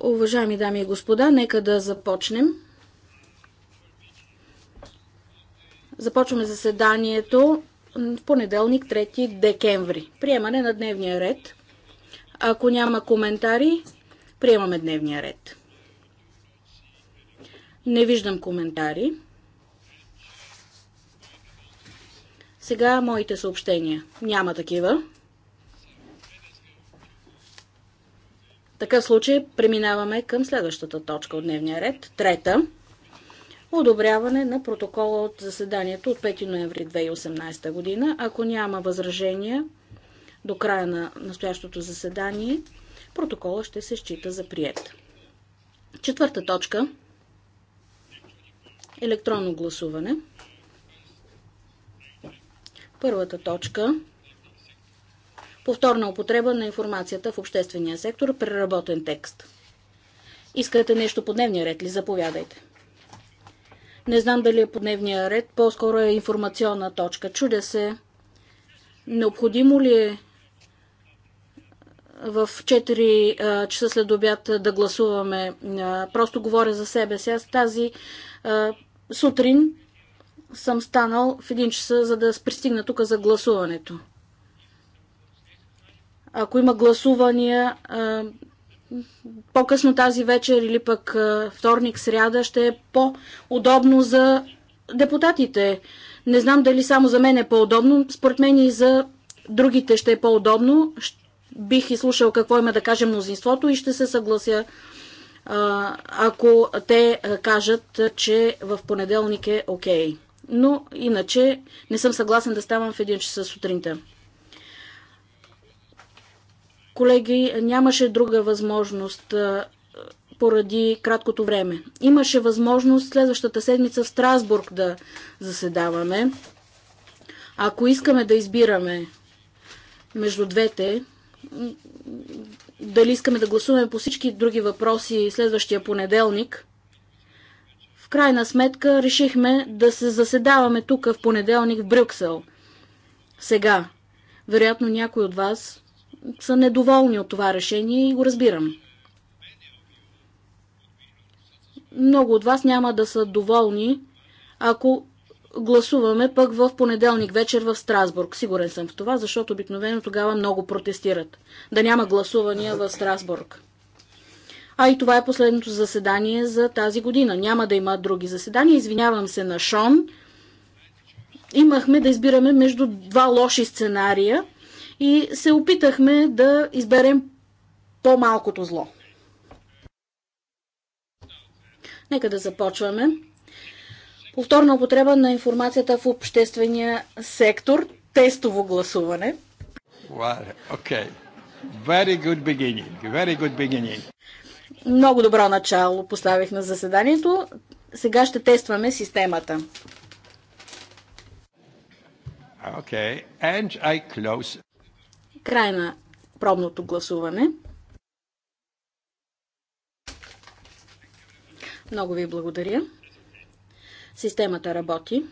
Уважаеми дами и господа, нека да започнем. Започваме заседанието в понеделник, 3 декември. Приемане на дневния ред. Ако няма коментари, приемаме дневния ред. Не виждам коментари. Сега моите съобщения. Няма такива. Така случай преминаваме към следващата точка от дневния ред. Трета. Одобряване на протокола от заседанието от 5 ноември 2018 година. Ако няма възражения до края на настоящото заседание, протокола ще се счита за прият. Четвърта точка. Електронно гласуване. Първата точка повторна употреба на информацията в обществения сектор, преработен текст. Искате нещо по дневния ред ли? Заповядайте. Не знам дали е по дневния ред, по-скоро е информационна точка. Чудя се, необходимо ли е в 4 часа след обяд да гласуваме. Просто говоря за себе си. Аз тази сутрин съм станал в 1 часа, за да пристигна тук за гласуването ако има гласувания, по-късно тази вечер или пък вторник, сряда, ще е по-удобно за депутатите. Не знам дали само за мен е по-удобно, според мен и за другите ще е по-удобно. Бих изслушал какво има да каже мнозинството и ще се съглася, ако те кажат, че в понеделник е окей. Okay. Но иначе не съм съгласен да ставам в един час сутринта. Колеги, нямаше друга възможност поради краткото време. Имаше възможност следващата седмица в Страсбург да заседаваме. Ако искаме да избираме между двете, дали искаме да гласуваме по всички други въпроси следващия понеделник, в крайна сметка решихме да се заседаваме тук в понеделник в Брюксел. Сега, вероятно някой от вас са недоволни от това решение и го разбирам. Много от вас няма да са доволни, ако гласуваме пък в понеделник вечер в Страсбург. Сигурен съм в това, защото обикновено тогава много протестират. Да няма гласувания в Страсбург. А и това е последното заседание за тази година. Няма да има други заседания. Извинявам се на Шон. Имахме да избираме между два лоши сценария – и се опитахме да изберем по-малкото зло. Нека да започваме. Повторна употреба на информацията в обществения сектор. Тестово гласуване. okay. Very good beginning. Very good beginning. Много добро начало поставих на заседанието. Сега ще тестваме системата. Okay. And I close Край на пробното гласуване. Много ви благодаря. Системата работи.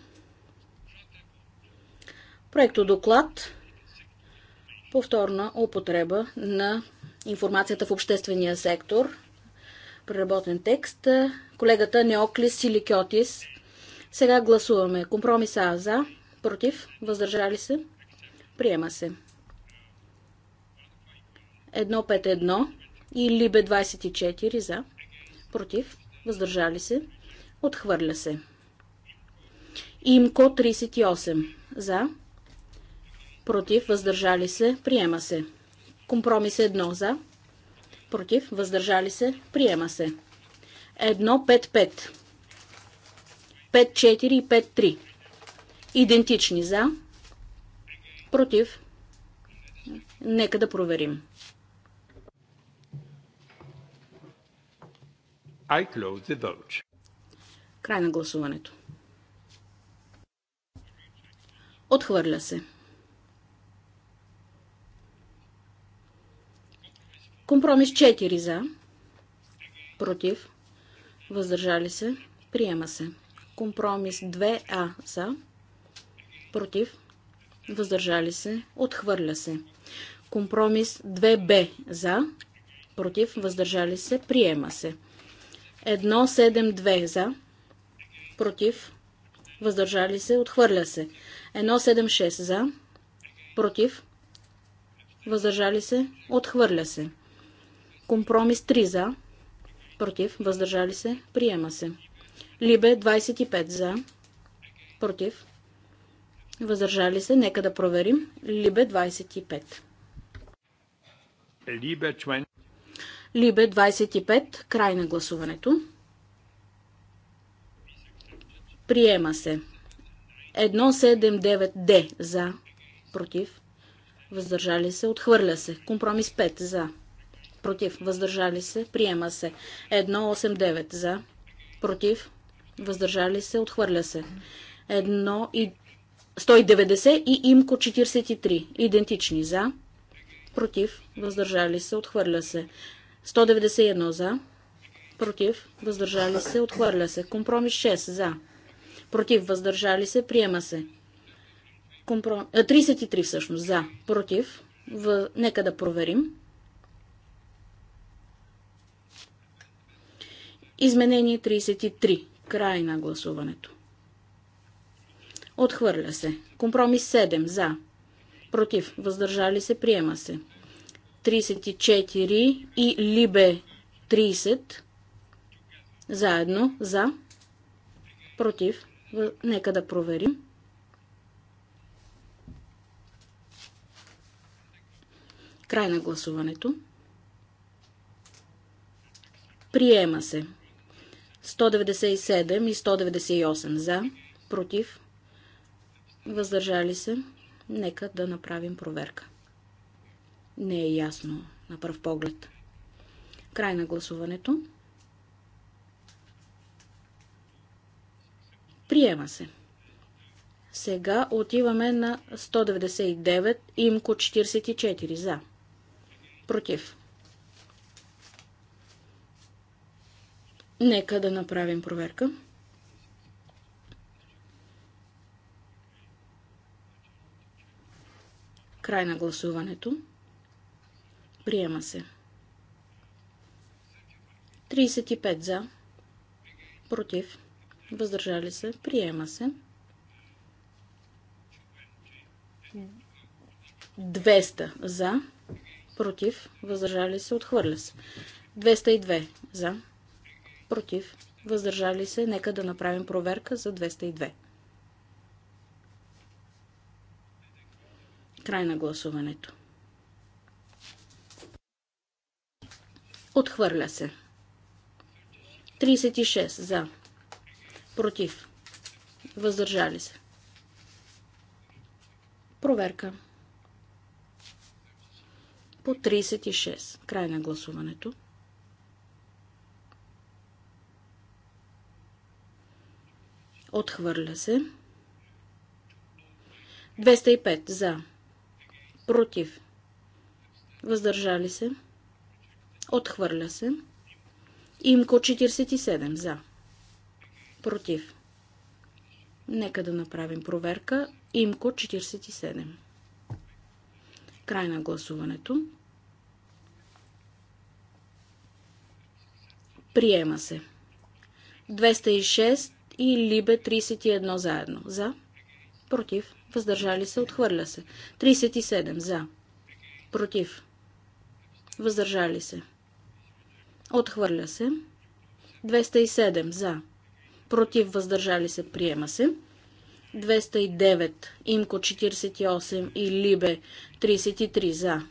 Проекто доклад повторна употреба на информацията в обществения сектор. Преработен текст. Колегата Неоклис Силикиотис. Сега гласуваме. Компромиса за, против, въздържали се, приема се. 151 и Либе 24 за, против, въздържали се, отхвърля се. Имко 38 за, против, въздържали се, приема се. Компромис 1 за, против, въздържали се, приема се. 155 5-4 и 5-3. Идентични за, против. Нека да проверим. I close the vote. Край на гласуването. Отхвърля се. Компромис 4 за. Против. Въздържали се. Приема се. Компромис 2А за. Против. Въздържали се. Отхвърля се. Компромис 2Б за. Против. Въздържали се. Приема се. 172 за, против, въздържали се, отхвърля се. 176 за, против, въздържали се, отхвърля се. Компромис 3 за, против, въздържали се, приема се. Либе 25 за, против, въздържали се, нека да проверим. Либе 25. Либе 25. Либе 25. Край на гласуването. Приема се. 179D за. Против. Въздържали се. Отхвърля се. Компромис 5 за. Против. Въздържали се. Приема се. 189 за. Против. Въздържали се. Отхвърля се. 190 и имко 43. Идентични за. Против. Въздържали се. Отхвърля се. 191 за, против, въздържали се, отхвърля се. Компромис 6 за, против, въздържали се, приема се. Компром... 33 всъщност за, против. В... Нека да проверим. Изменение 33. Край на гласуването. Отхвърля се. Компромис 7 за. Против. Въздържали се. Приема се. 34 и Либе 30 заедно за против. Нека да проверим. Край на гласуването. Приема се. 197 и 198 за, против, въздържали се. Нека да направим проверка не е ясно на пръв поглед. Край на гласуването. Приема се. Сега отиваме на 199, имко 44 за. Против. Нека да направим проверка. Край на гласуването. Приема се. 35 за. Против. Въздържали се. Приема се. 200 за. Против. Въздържали се. Отхвърля се. 202 за. Против. Въздържали се. Нека да направим проверка за 202. Край на гласуването. Отхвърля се. 36 за. Против. Въздържали се. Проверка. По 36. Край на гласуването. Отхвърля се. 205 за. Против. Въздържали се. Отхвърля се. Имко 47 за. Против. Нека да направим проверка. Имко 47. Край на гласуването. Приема се. 206 и Либе 31 заедно. За. Против. Въздържали се. Отхвърля се. 37. За. Против. Въздържали се. Отхвърля се. 207 за. Против въздържали се. Приема се. 209, Имко 48 и Либе 33 за.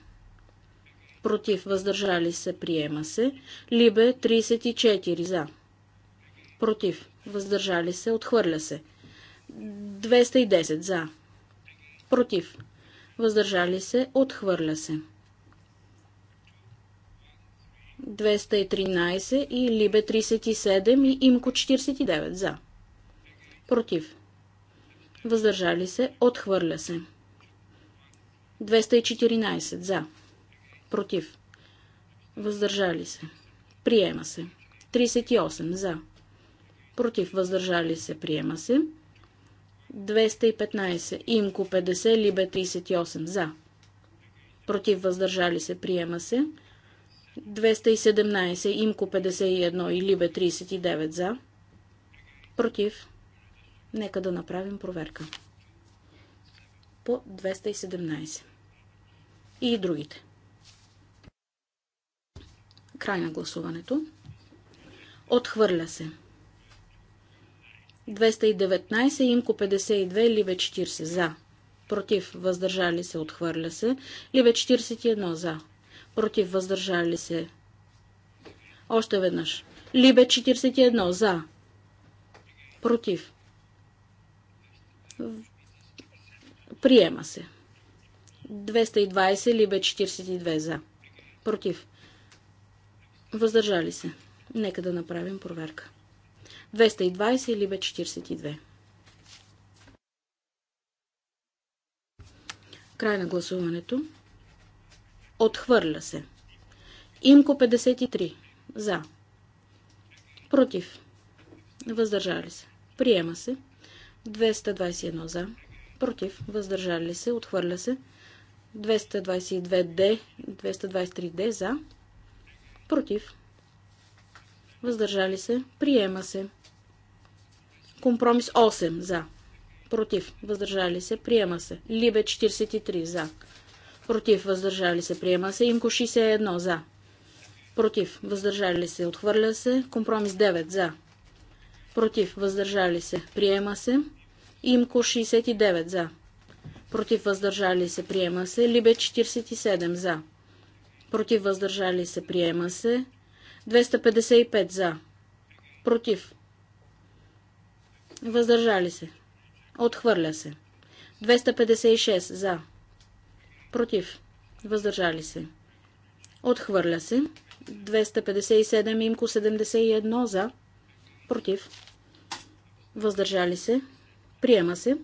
Против въздържали се. Приема се. Либе 34 за. Против въздържали се. Отхвърля се. 210 за. Против въздържали се. Отхвърля се. 213 и Либе 37 и Имко 49 за. Против. Въздържали се. Отхвърля се. 214 за. Против. Въздържали се. Приема се. 38 за. Против. Въздържали се. Приема се. 215. Имко 50. Либе 38 за. Против. Въздържали се. Приема се. 217, Имко 51 и Либе 39 за. Против. Нека да направим проверка. По 217. И другите. Край на гласуването. Отхвърля се. 219, Имко 52, Либе 40 за. Против. Въздържали се. Отхвърля се. Либе 41 за против въздържали се. Още веднъж. Либе 41 за, против. Приема се. 220 либе 42 за. Против. Въздържали се. Нека да направим проверка. 220 либе 42. Край на гласуването. Отхвърля се. Имко 53. За. Против. Въздържали се. Приема се. 221 за. Против. Въздържали се. Отхвърля се. 222 Д. 223 Д. за. Против. Въздържали се. Приема се. Компромис 8 за. Против. Въздържали се. Приема се. Либе 43 за против, въздържали се, приема се. Имко 61 за, против, въздържали се, отхвърля се. Компромис 9 за, против, въздържали се, приема се. Имко 69 за, против, въздържали се, приема се. Либе 47 за, против, въздържали се, приема се. 255 за, против, въздържали се, отхвърля се. 256 за, против, въздържали се. Отхвърля се. 257 имко 71 за, против, въздържали се. Приема се.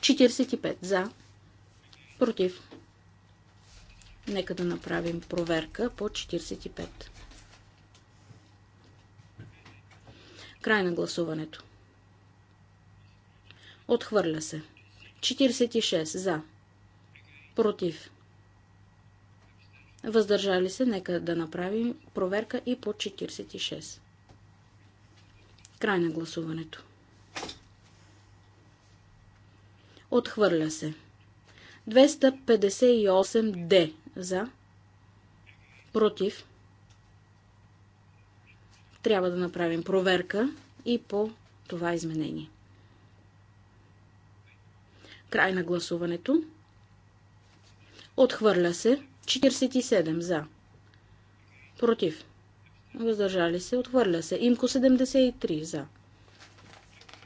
45 за, против. Нека да направим проверка по 45. Край на гласуването. Отхвърля се. 46 за против. Въздържали се, нека да направим проверка и по 46. Край на гласуването. Отхвърля се. 258 Д за. Против. Трябва да направим проверка и по това изменение. Край на гласуването. Отхвърля се. 47 за. Против. Въздържали се. Отхвърля се. Имко 73 за.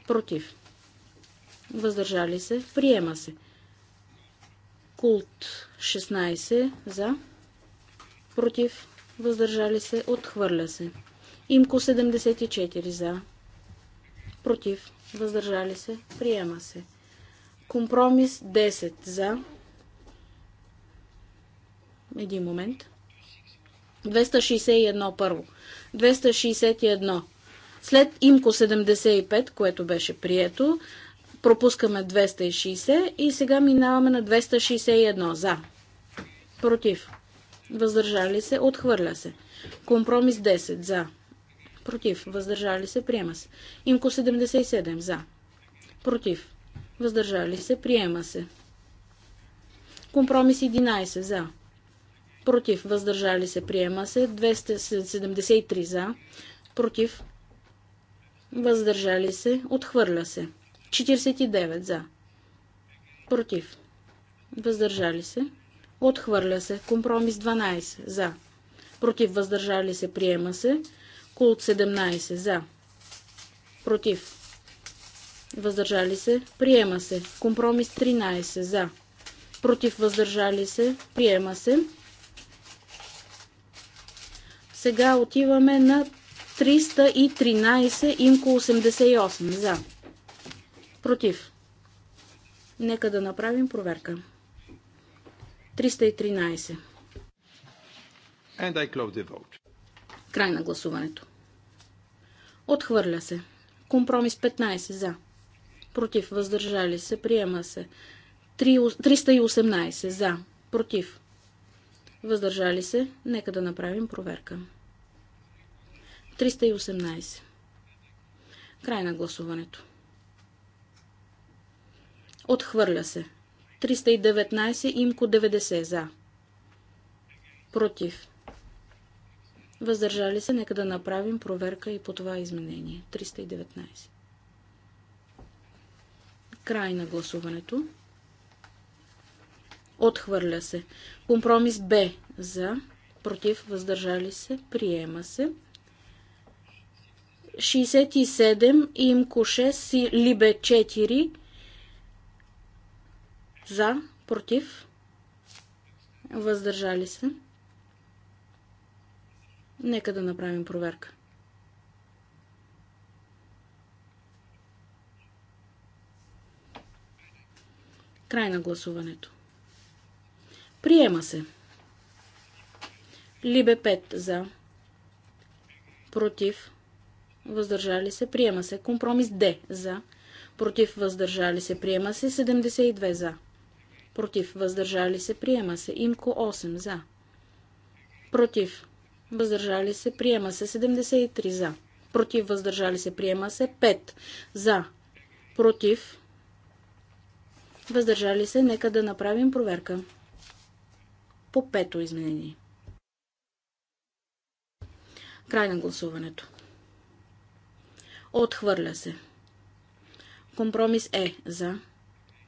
Против. Въздържали се. Приема се. Култ 16 за. Против. Въздържали се. Отхвърля се. Имко 74 за. Против. Въздържали се. Приема се. Компромис 10 за един момент. 261 първо. 261. След имко 75, което беше прието, пропускаме 260 и сега минаваме на 261. За. Против. Въздържали се. Отхвърля се. Компромис 10. За. Против. Въздържали се. Приема се. Имко 77. За. Против. Въздържали се. Приема се. Компромис 11. За против, въздържали се, приема се. 273 за, против, въздържали се, отхвърля се. 49 за, против, въздържали се, отхвърля се. Компромис 12 за, против, въздържали се, приема се. Култ 17 за, против, въздържали се, приема се. Компромис 13 за, против, въздържали се, приема се. Сега отиваме на 313, имко 88. За. Против. Нека да направим проверка. 313. And I close the vote. Край на гласуването. Отхвърля се. Компромис 15 за. Против. Въздържали се. Приема се. 318 за. Против. Въздържали се. Нека да направим проверка. 318. Край на гласуването. Отхвърля се. 319 имко 90 за. Против. Въздържали се, нека да направим проверка и по това изменение. 319. Край на гласуването. Отхвърля се. Компромис Б за. Против. Въздържали се. Приема се. 67, имко 6 си либе 4. За, против, въздържали се. Нека да направим проверка. Край на гласуването. Приема се. Либе 5 за. Против въздържали се, приема се. Компромис Д за, против, въздържали се, приема се. 72 за, против, въздържали се, приема се. Имко 8 за, против, въздържали се, приема се. 73 за, против, въздържали се, приема се. 5 за, против, въздържали се. Нека да направим проверка по пето изменение. Край на гласуването. Отхвърля се. Компромис Е за.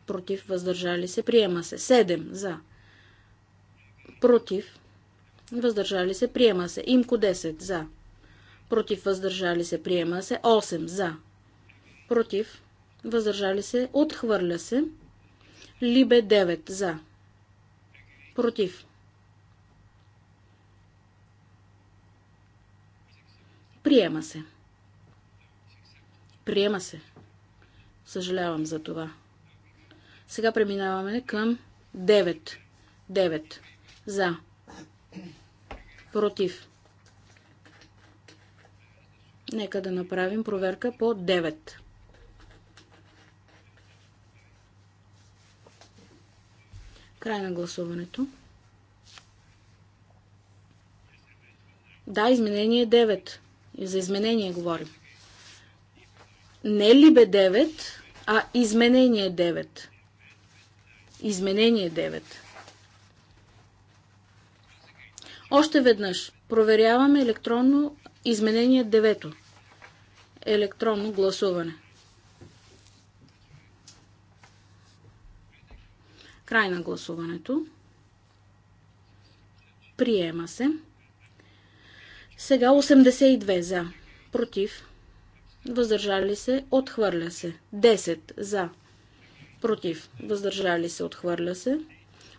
Против. Въздържали се. Приема се. 7 за. Против. Въздържали се. Приема се. Имко 10 за. Против. Въздържали се. Приема се. 8 за. Против. Въздържали се. Отхвърля се. Либе 9 за. Против. Приема се. Приема се. Съжалявам за това. Сега преминаваме към 9. 9. За. Против. Нека да направим проверка по 9. Край на гласуването. Да, изменение 9. За изменение говорим не е либе 9, а изменение 9. Изменение 9. Още веднъж проверяваме електронно изменение 9. Електронно гласуване. Край на гласуването. Приема се. Сега 82 за. Против въздържали се, отхвърля се. 10 за, против, въздържали се, отхвърля се.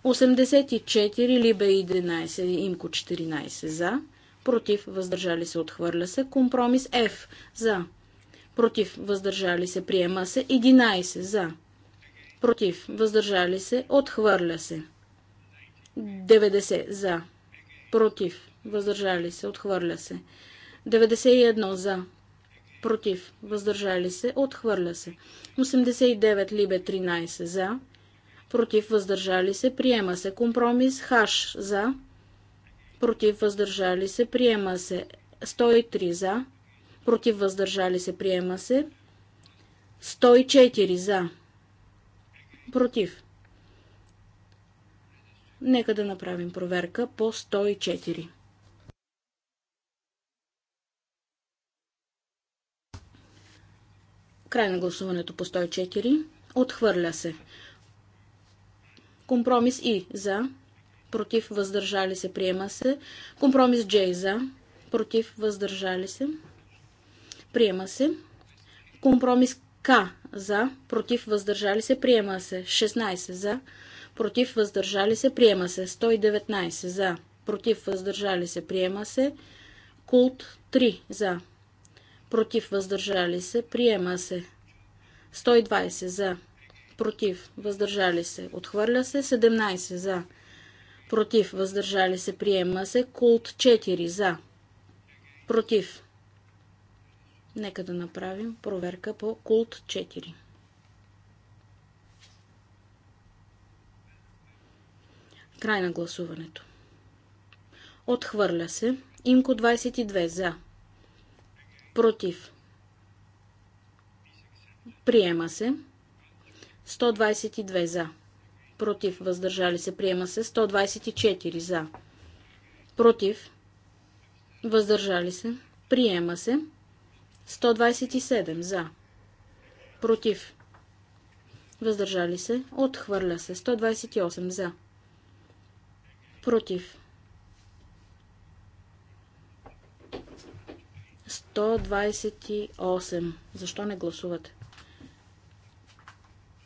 84 либе 11, имко 14 за, против, въздържали се, отхвърля се. Компромис F за, против, въздържали се, приема се. 11 за, против, въздържали се, отхвърля се. 90 за, против, въздържали се, отхвърля се. 91 за, против, въздържали се, отхвърля се. 89 либе 13 за, против, въздържали се, приема се. Компромис хаш за, против, въздържали се, приема се. 103 за, против, въздържали се, приема се. 104 за, против. Нека да направим проверка по 104. Край на гласуването по 104. Отхвърля се. Компромис И за. Против въздържали се. Приема се. Компромис J за. Против въздържали се. Приема се. Компромис К за. Против въздържали се. Приема се. 16 за. Против въздържали се. Приема се. 119 за. Против въздържали се. Приема се. Култ 3 за против, въздържали се, приема се. 120 за, против, въздържали се, отхвърля се. 17 за, против, въздържали се, приема се. Култ 4 за, против. Нека да направим проверка по култ 4. Край на гласуването. Отхвърля се. Имко 22 за. Против. Приема се. 122 за. Против. Въздържали се. Приема се. 124 за. Против. Въздържали се. Приема се. 127 за. Против. Въздържали се. Отхвърля се. 128 за. Против. 128. Защо не гласувате?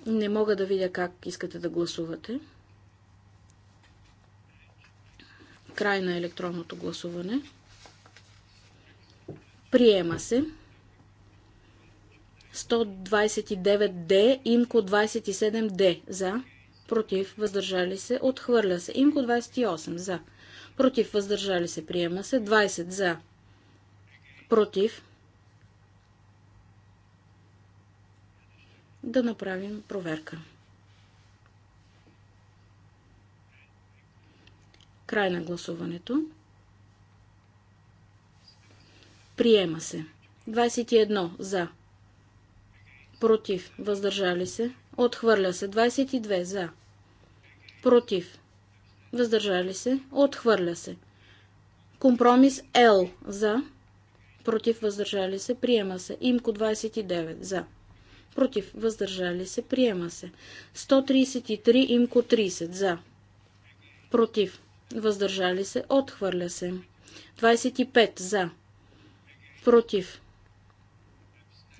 Не мога да видя как искате да гласувате. Край на електронното гласуване. Приема се. 129D, имко 27D за, против, въздържали се, отхвърля се. Имко 28 за, против, въздържали се, приема се. 20 за, против, да направим проверка. Край на гласуването. Приема се. 21 за. Против. Въздържали се. Отхвърля се. 22 за. Против. Въздържали се. Отхвърля се. Компромис Л за против, въздържали се, приема се. Имко 29 за, против, въздържали се, приема се. 133, имко 30 за, против, въздържали се, отхвърля се. 25 за, против,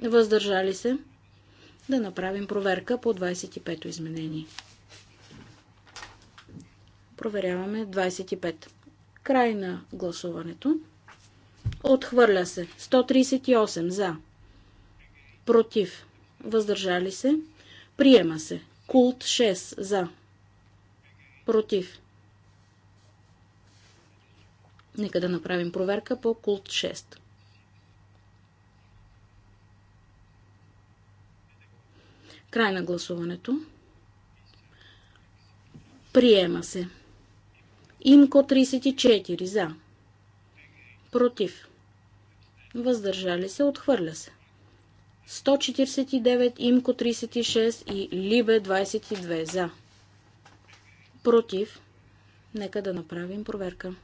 въздържали се. Да направим проверка по 25-то изменение. Проверяваме 25. Край на гласуването. Отхвърля се. 138 за. Против. Въздържали се. Приема се. Култ 6 за. Против. Нека да направим проверка по култ 6. Край на гласуването. Приема се. Имко 34 за. Против въздържали се, отхвърля се. 149, Имко 36 и Либе 22 за. Против. Нека да направим проверка.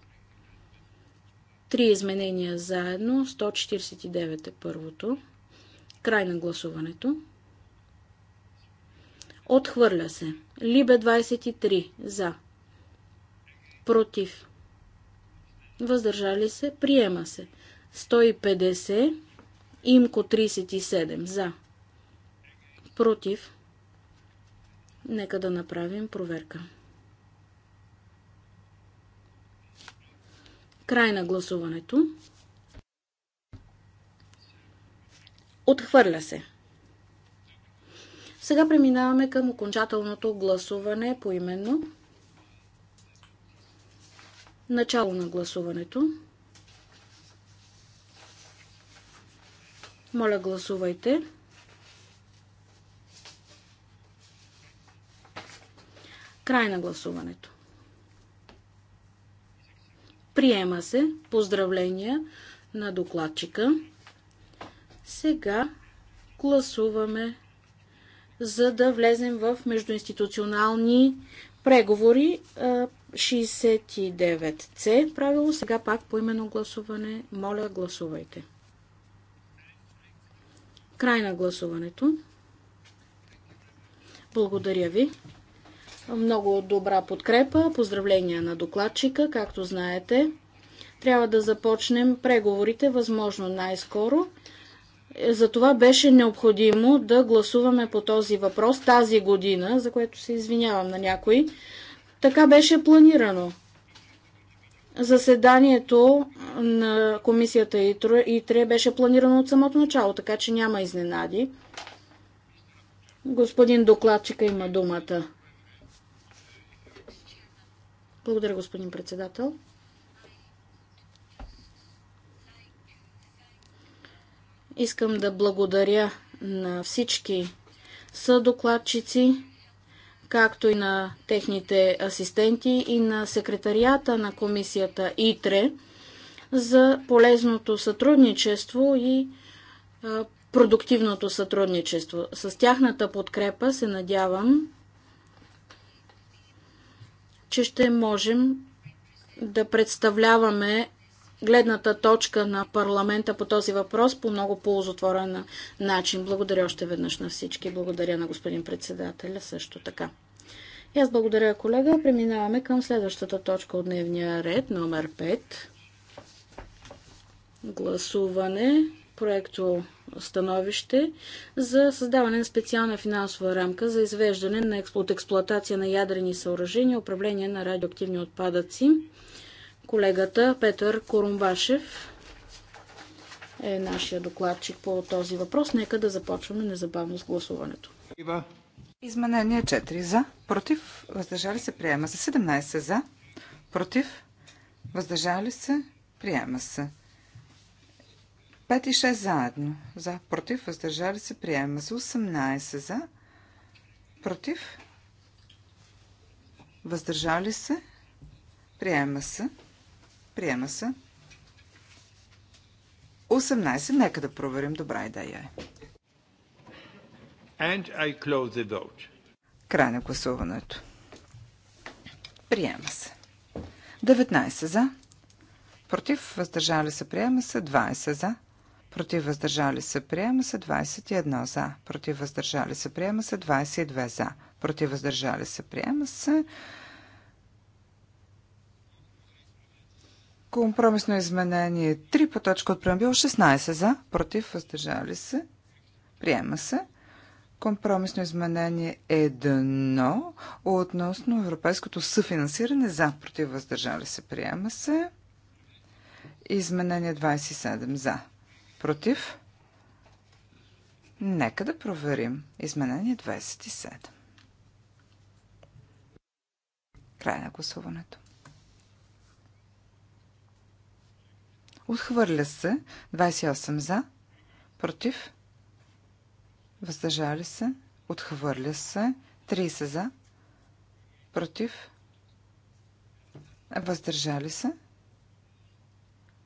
Три изменения заедно. 149 е първото. Край на гласуването. Отхвърля се. Либе 23 за. Против. Въздържали се. Приема се. 150, имко 37 за, против. Нека да направим проверка. Край на гласуването. Отхвърля се. Сега преминаваме към окончателното гласуване по именно. Начало на гласуването. Моля, гласувайте. Край на гласуването. Приема се. Поздравления на докладчика. Сега гласуваме за да влезем в междуинституционални преговори 69C правило. Сега пак по именно гласуване. Моля, гласувайте. Край на гласуването. Благодаря ви. Много добра подкрепа. Поздравления на докладчика. Както знаете, трябва да започнем преговорите възможно най-скоро. Затова беше необходимо да гласуваме по този въпрос тази година, за което се извинявам на някои. Така беше планирано. Заседанието на комисията ИТРЕ беше планирано от самото начало, така че няма изненади. Господин докладчика има думата. Благодаря, господин председател. Искам да благодаря на всички съдокладчици, както и на техните асистенти и на секретарията на комисията ИТРЕ за полезното сътрудничество и продуктивното сътрудничество. С тяхната подкрепа се надявам, че ще можем да представляваме гледната точка на парламента по този въпрос по много ползотворен начин. Благодаря още веднъж на всички. Благодаря на господин председателя също така. И аз благодаря, колега. Преминаваме към следващата точка от дневния ред, номер 5. Гласуване, проекто становище за създаване на специална финансова рамка за извеждане на, от експлуатация на ядрени съоръжения, управление на радиоактивни отпадъци Колегата Петър Корумбашев е нашия докладчик по този въпрос. Нека да започваме незабавно с гласуването. Изменение 4 за, против, въздържали се, приема се. 17 за, против, въздържали се, приема се. 5 и 6 заедно. За, против, въздържали се, приема се. 18 за, против, въздържали се, приема се. Приема се. 18. Нека да проверим. Добра идея е. And I close the vote. Край на гласуването. Приема се. 19 за. Против въздържали се приема се 20 за. Против въздържали се приема се 21 за. Против въздържали се приема се 22 за. Против въздържали се приема се Компромисно изменение 3 по точка от преамбюл 16 за, против, въздържали се, приема се. Компромисно изменение 1 относно европейското съфинансиране за, против, въздържали се, приема се. Изменение 27 за, против. Нека да проверим. Изменение 27. Край на гласуването. Отхвърля се. 28 за. Против. Въздържали се. Отхвърля се. 30 за. Против. Въздържали се.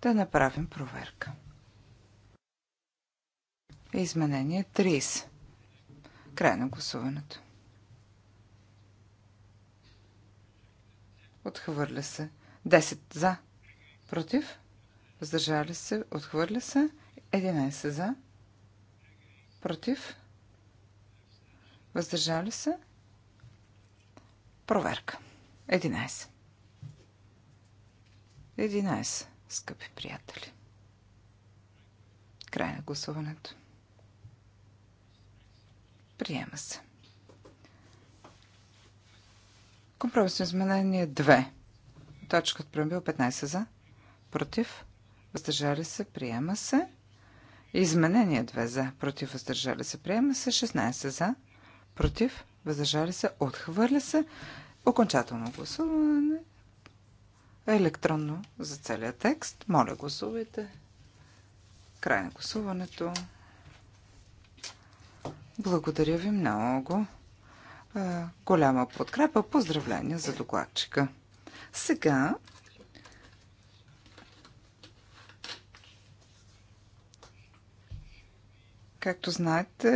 Да направим проверка. Изменение 30. Край на гласуването. Отхвърля се. 10 за. Против въздържали се, отхвърля се. 11 за, против, въздържали се. Проверка. 11. 11, скъпи приятели. Край на гласуването. Приема се. Компромисно изменение 2. Точка от прембил 15 за. Против въздържали се, приема се. Изменение 2 за, против, въздържали се, приема се. 16 за, против, въздържали се, отхвърля се. Окончателно гласуване. Електронно за целия текст. Моля, гласувайте. Край на гласуването. Благодаря ви много. Е, голяма подкрепа. Поздравления за докладчика. Сега Както знаете,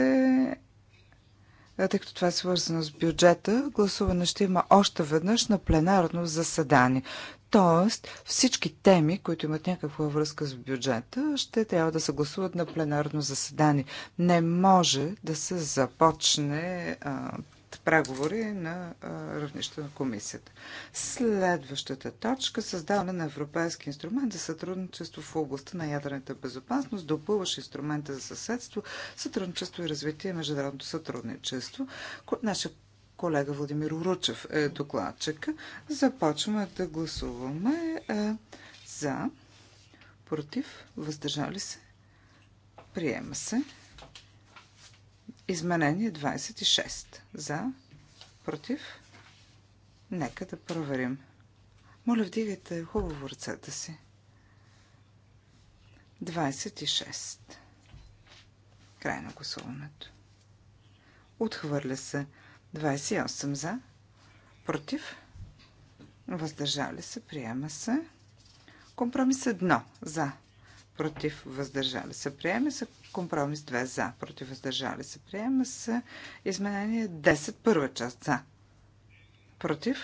тъй като това е свързано с бюджета, гласуване ще има още веднъж на пленарно заседание. Тоест, всички теми, които имат някаква връзка с бюджета, ще трябва да се гласуват на пленарно заседание. Не може да се започне а, преговори на равнището на комисията. Следващата точка създаване на Европейски инструмент за сътрудничество в областта на ядрената безопасност, допълващ инструмента за съседство, сътрудничество и развитие на международното сътрудничество. Наша колега Владимир Уручев е докладчика. Започваме да гласуваме е, за, против, въздържали се, приема се. Изменение 26. За? Против? Нека да проверим. Моля, вдигайте хубаво ръцата си. 26. Край на гласуването. Отхвърля се. 28 за. Против. Въздържали се. Приема се. Компромис 1. За против въздържали се. Приема се компромис 2 за, против въздържали се. Приема се изменение 10 първа част за, против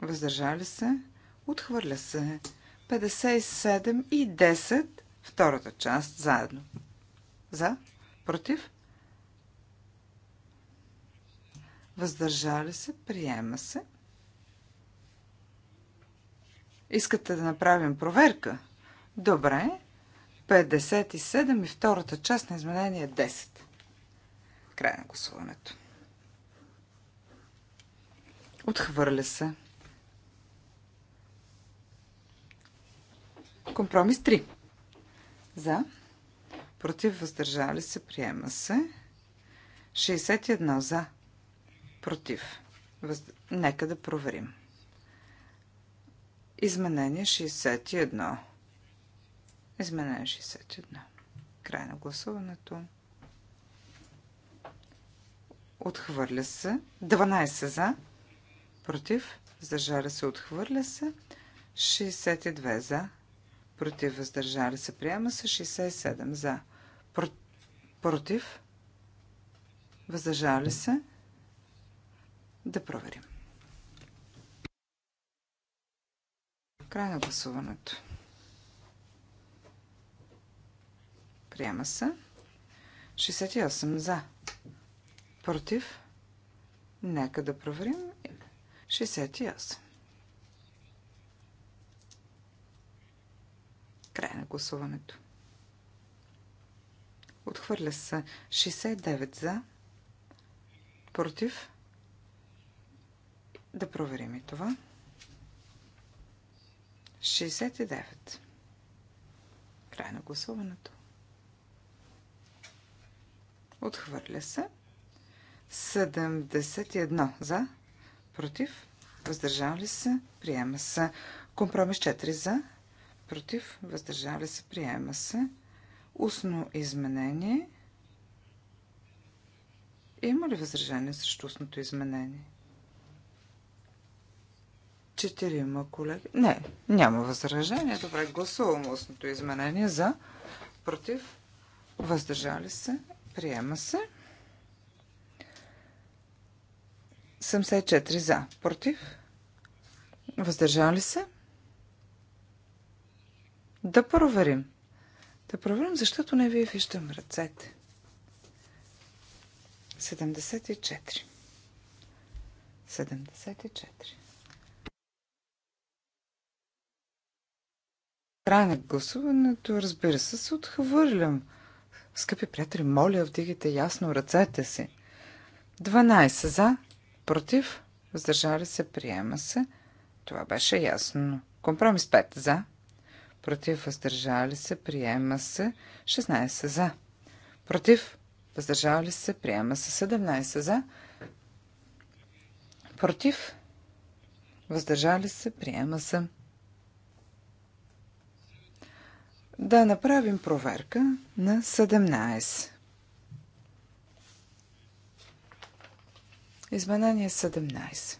въздържали се. Отхвърля се 57 и 10 втората част заедно. За, против въздържали се. Приема се. Искате да направим проверка? Добре. 57 и втората част на изменение 10. Край на гласуването. Отхвърля се. Компромис 3. За. Против въздържали се. Приема се. 61 за. Против. Въз... Нека да проверим. Изменение 61. Изменение 61. Край на гласуването. Отхвърля се. 12 за. Против. Въздържали се. Отхвърля се. 62 за. Против. Въздържали се. Приема се. 67 за. Про... Против. Въздържали се. Да проверим. Край на гласуването. Приема се. 68 за. Против. Нека да проверим. 68. Край на гласуването. Отхвърля се 69 за. Против. Да проверим и това. 69. Край на гласуването. Отхвърля се. 71 за. Против. Въздържали се. Приема се. Компромис 4 за. Против. Въздържали се. Приема се. Устно изменение. Има ли възражение срещу устното изменение? Четирима колеги. Не, няма възражение. Добре, гласувам устното изменение за. Против. Въздържали се. Приема се. 74 за. Против. Въздържали се. Да проверим. Да проверим, защото не ви виждам ръцете. 74. 74. Край на гласуването, разбира се, се отхвърлям. Скъпи приятели, моля, вдигайте ясно ръцете си. 12 за, против, въздържали се, приема се. Това беше ясно. Компромис 5 за, против, въздържали се, приема се. 16 за, против, въздържали се, приема се. 17 за, против, въздържали се, приема се. да направим проверка на 17. Изменение 17.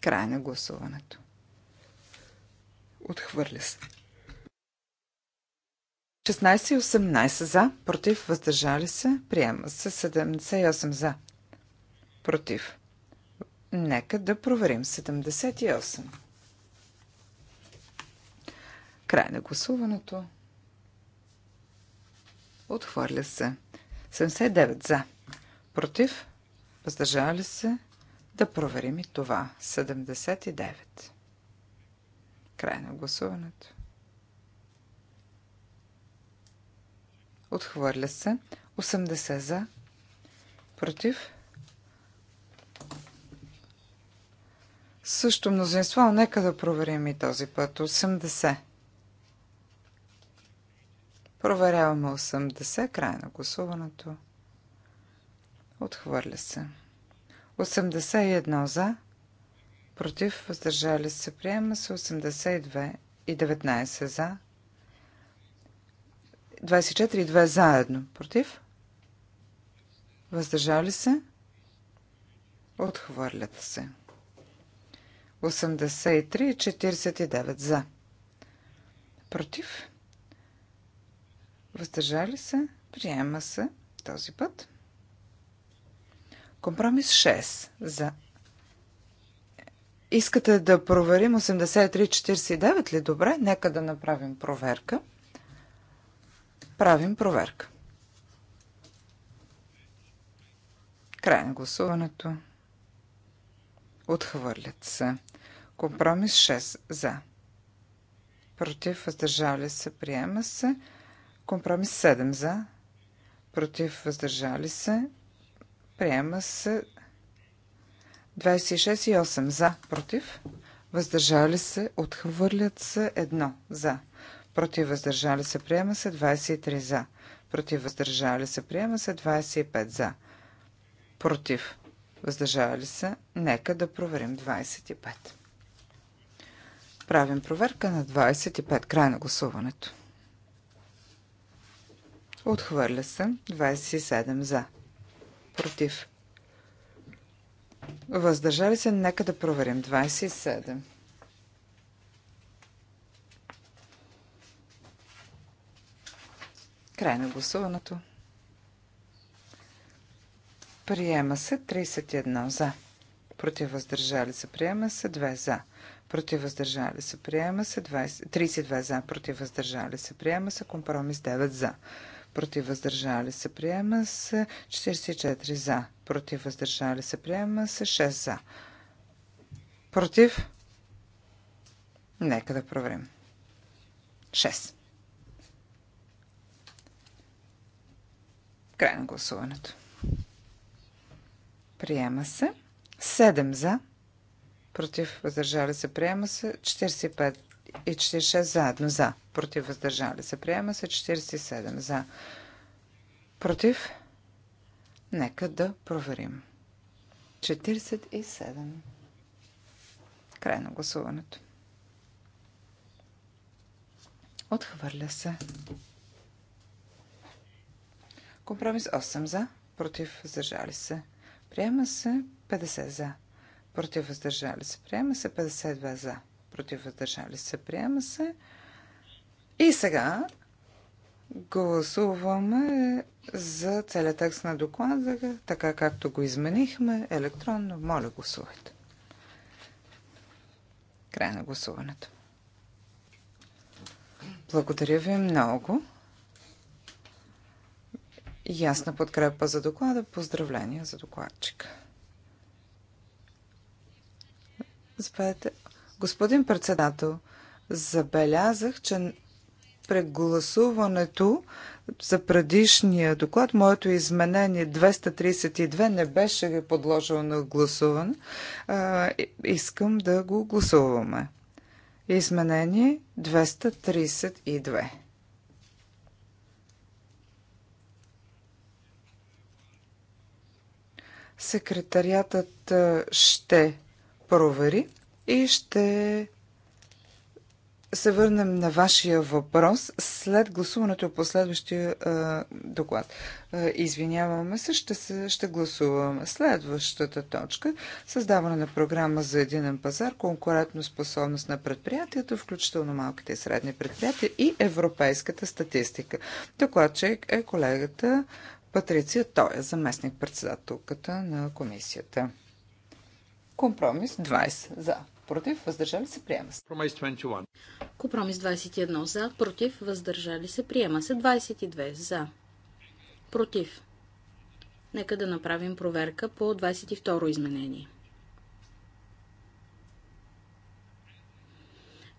Край на гласуването. Отхвърля се. 16 и 18 за, против, въздържали се, приема се 78 за, против. Нека да проверим 78. Край на гласуването. Отхвърля се. 79 за. Против. Въздържали се. Да проверим и това. 79. Край на гласуването. Отхвърля се. 80 за. Против. Също мнозинство, нека да проверим и този път. 80. Проверяваме 80, край на гласуването. Отхвърля се. 81 за, против, въздържали се, приема се 82 и 19 за. 24 и 2 заедно, против, въздържали се, отхвърлят се. 83 и 49 за. Против? Въздържали се? Приема се този път. Компромис 6 за. Искате да проверим 8349 ли? Добре, нека да направим проверка. Правим проверка. Край на гласуването. Отхвърлят се. Компромис 6 за. Против въздържали се. Приема се. Компромис 7 за, против, въздържали се, приема се 26 и 8 за, против, въздържали се, отхвърлят се 1 за, против, въздържали се, приема се 23 за, против, въздържали се, приема се 25 за, против, въздържали се, нека да проверим 25. Правим проверка на 25, край на гласуването. Отхвърля се. 27 за. Против. Въздържали се, нека да проверим. 27. Край на гласуването. Приема се 31 за. Против въздържали се. Приема се 2 за. Против въздържали се. Приема се 20... 32 за. Против въздържали се. Приема се компромис 9 за против въздържали се, приема се 44 за, против въздържали се, приема се 6 за. Против? Нека да проверим. 6. Край на гласуването. Приема се. 7 за. Против въздържали се. Приема се. 45 и 46 заедно за. Против въздържали се. Приема се 47 за. Против? Нека да проверим. 47. Край на гласуването. Отхвърля се. Компромис 8 за. Против въздържали се. Приема се 50 за. Против въздържали се. Приема се 52 за против въздържали се, приема се. И сега гласуваме за целият текст на доклада, така както го изменихме електронно. Моля, гласувайте. Край на гласуването. Благодаря ви много. Ясна подкрепа за доклада. Поздравления за докладчика. Заповядайте. Господин председател, забелязах, че прегласуването за предишния доклад, моето изменение 232 не беше подложено на гласуване. искам да го гласуваме. Изменение 232. Секретариатът ще провери и ще се върнем на вашия въпрос след гласуването по следващия а, доклад. А, извиняваме се ще, се, ще гласуваме следващата точка. Създаване на програма за единен пазар, конкурентно способност на предприятията, включително малките и средни предприятия и европейската статистика. Докладчик е колегата Патриция, той е заместник председателката на комисията. Компромис 20 за против, въздържали се, приема се. Компромис 21. Компромис 21 за, против, въздържали се, приема се. 22 за, против. Нека да направим проверка по 22 изменение.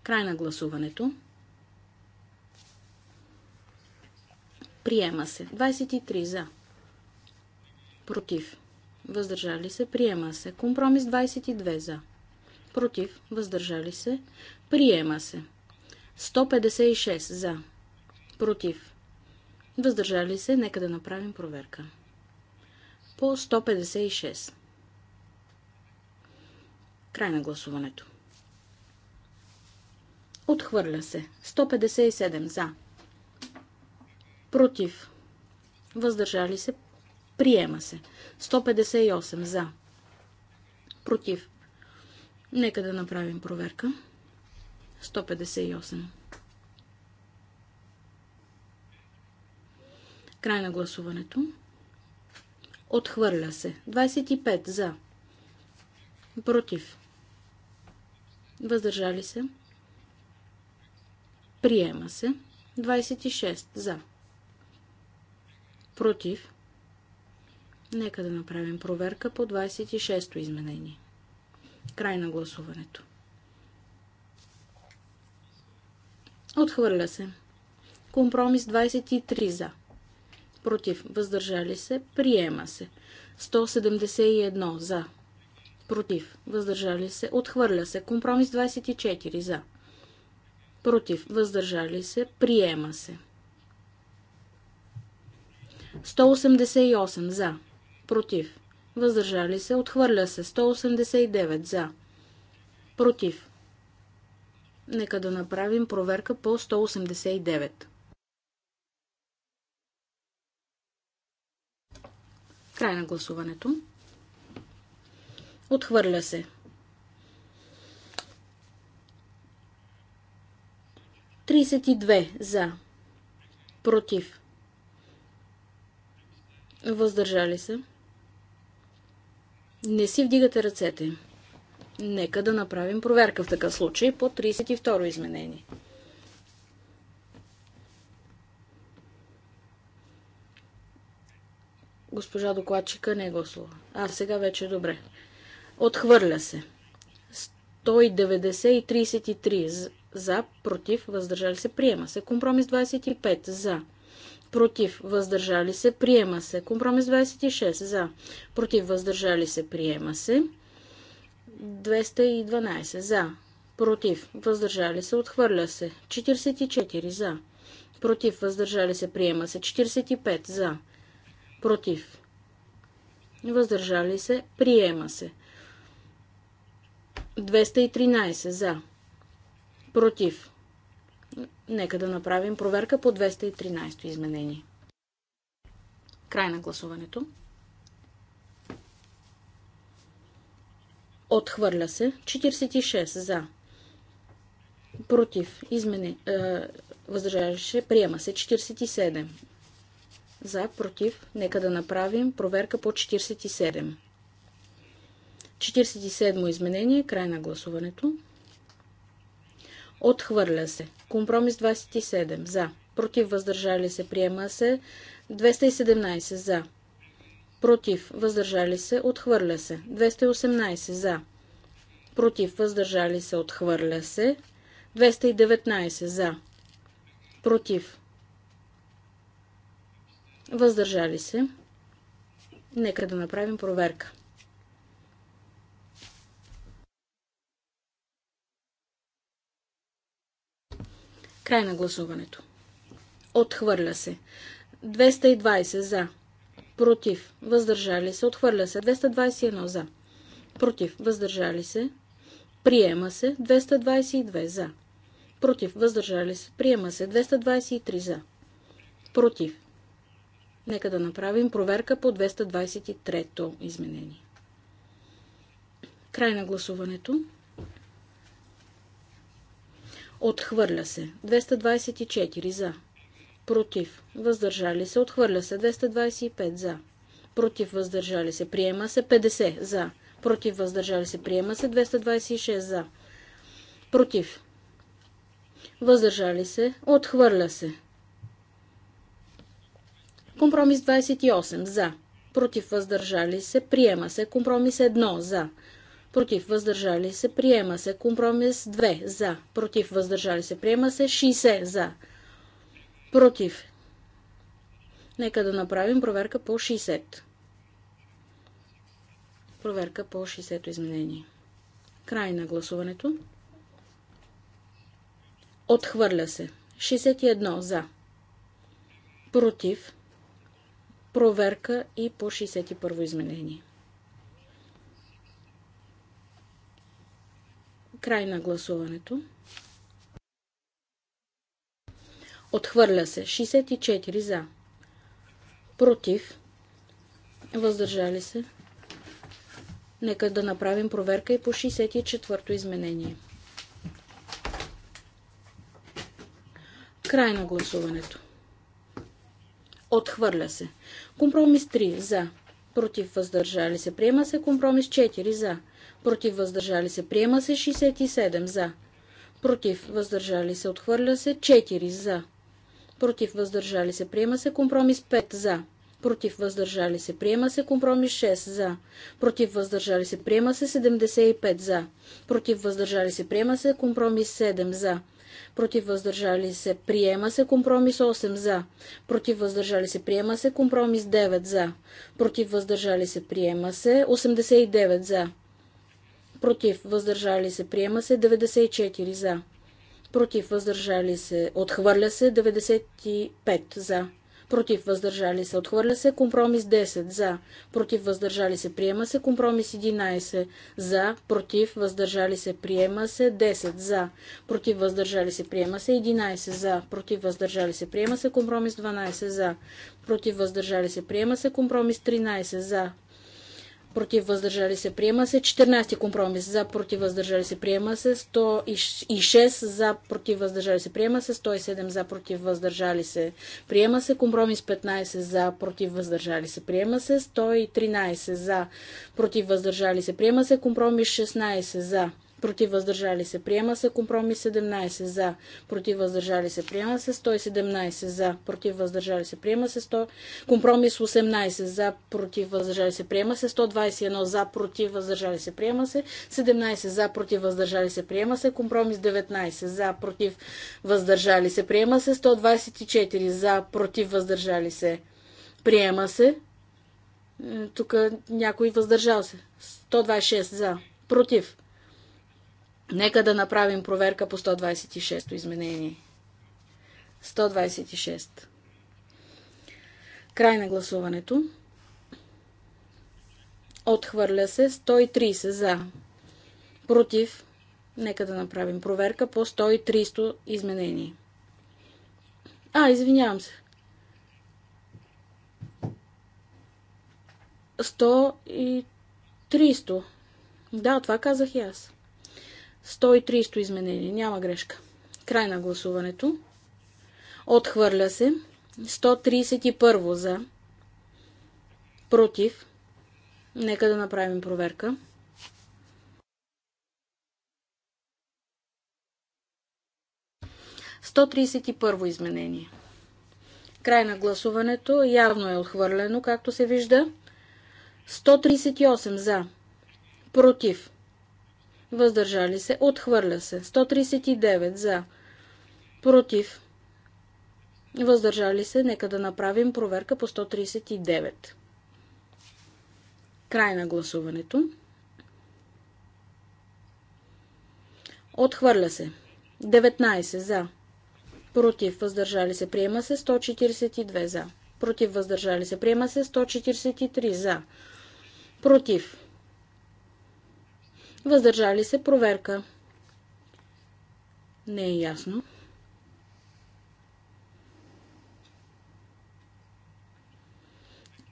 Край на гласуването. Приема се. 23 за. Против. Въздържали се. Приема се. Компромис 22 за против, въздържали се, приема се. 156 за, против, въздържали се, нека да направим проверка. По 156. Край на гласуването. Отхвърля се. 157 за. Против. Въздържали се. Приема се. 158 за. Против. Нека да направим проверка. 158. Край на гласуването. Отхвърля се. 25 за. Против. Въздържали се. Приема се. 26 за. Против. Нека да направим проверка по 26-то изменение. Край на гласуването. Отхвърля се. Компромис 23 за. Против. Въздържали се. Приема се. 171 за. Против. Въздържали се. Отхвърля се. Компромис 24 за. Против. Въздържали се. Приема се. 188 за. Против въздържали се, отхвърля се. 189 за, против. Нека да направим проверка по 189. Край на гласуването. Отхвърля се. 32 за. Против. Въздържали се не си вдигате ръцете. Нека да направим проверка в такъв случай по 32 изменение. Госпожа докладчика не е гласува. А, сега вече е добре. Отхвърля се. 190 и 33 за, против, въздържали се, приема се. Компромис 25 за, против, въздържали се, приема се. Компромис 26 за, против, въздържали се, приема се. 212 за, против, въздържали се, отхвърля се. 44 за, против, въздържали се, приема се. 45 за, против, въздържали се, приема се. 213 за, против, Нека да направим проверка по 213 изменение. Край на гласуването. Отхвърля се. 46 за. Против. Измене. Е, Въздържаваше. Приема се. 47. За. Против. Нека да направим проверка по 47. 47 изменение. Край на гласуването. Отхвърля се. Компромис 27 за. Против въздържали се приема се 217 за. Против въздържали се отхвърля се 218 за. Против въздържали се отхвърля се 219 за. Против въздържали се. Нека да направим проверка. Край на гласуването. Отхвърля се. 220 за. Против. Въздържали се. Отхвърля се. 221 за. Против. Въздържали се. Приема се. 222 за. Против. Въздържали се. Приема се. 223 за. Против. Нека да направим проверка по 223-то изменение. Край на гласуването. Отхвърля се. 224 за. Против. Въздържали се. Отхвърля се. 225 за. Против. Въздържали се. Приема се. 50 за. Против. Въздържали се. Приема се. 226 за. Против. Въздържали се. Отхвърля се. Компромис 28 за. Против. Въздържали се. Приема се. Компромис 1 за против, въздържали се, приема се. Компромис 2 за, против, въздържали се, приема се. 60 за, против. Нека да направим проверка по 60. Проверка по 60 изменение. Край на гласуването. Отхвърля се. 61 за. Против. Проверка и по 61 изменение. Край на гласуването. Отхвърля се. 64 за. Против. Въздържали се. Нека да направим проверка и по 64-то изменение. Край на гласуването. Отхвърля се. Компромис 3 за против въздържали се, приема се компромис 4 за, против въздържали се, приема се 67 за, против въздържали се, отхвърля се 4 за, против въздържали се, приема се компромис 5 за, против въздържали се, приема се компромис 6 за, против въздържали се, приема се 75 за, против въздържали се, приема се компромис 7 за, против въздържали се, приема се компромис 8 за, против въздържали се, приема се компромис 9 за, против въздържали се, приема се 89 за, против въздържали се, приема се 94 за, против въздържали се, отхвърля се 95 за против въздържали се, отхвърля се, компромис 10 за, против въздържали се, приема се, компромис 11 за, против въздържали се, приема се, 10 за, против въздържали се, приема се, 11 за, против въздържали се, приема се, компромис 12 за, против въздържали се, приема се, компромис 13 за, против въздържали се, приема се. 14 компромис за против въздържали се, приема се. 106 за против въздържали се, приема се. 107 за против въздържали се, приема се. Компромис 15 за против въздържали се, приема се. 113 за против въздържали се, приема се. Компромис 16 за против въздържали се, приема се. Компромис 17 за, против въздържали се, приема се. 117 за, против въздържали се, приема се. 100... Компромис 18 за, против въздържали се, приема се. 121 за, против въздържали се, приема се. 17 за, против въздържали се, приема се. Компромис 19 за, против въздържали се, приема се. 124 за, против въздържали се, приема се. Тук някой въздържал се. 126 за. Против. Нека да направим проверка по 126 изменение. 126. Край на гласуването. Отхвърля се 130 за. Против. Нека да направим проверка по 130 изменение. А, извинявам се. 100 и 300. Да, това казах и аз. 130 изменение. Няма грешка. Край на гласуването. Отхвърля се. 131 за. Против. Нека да направим проверка. Сто първо изменение. Край на гласуването явно е отхвърлено, както се вижда. 138 за. Против въздържали се, отхвърля се. 139 за, против, въздържали се. Нека да направим проверка по 139. Край на гласуването. Отхвърля се. 19 за. Против въздържали се. Приема се 142 за. Против въздържали се. Приема се 143 за. Против Въздържали се проверка. Не е ясно.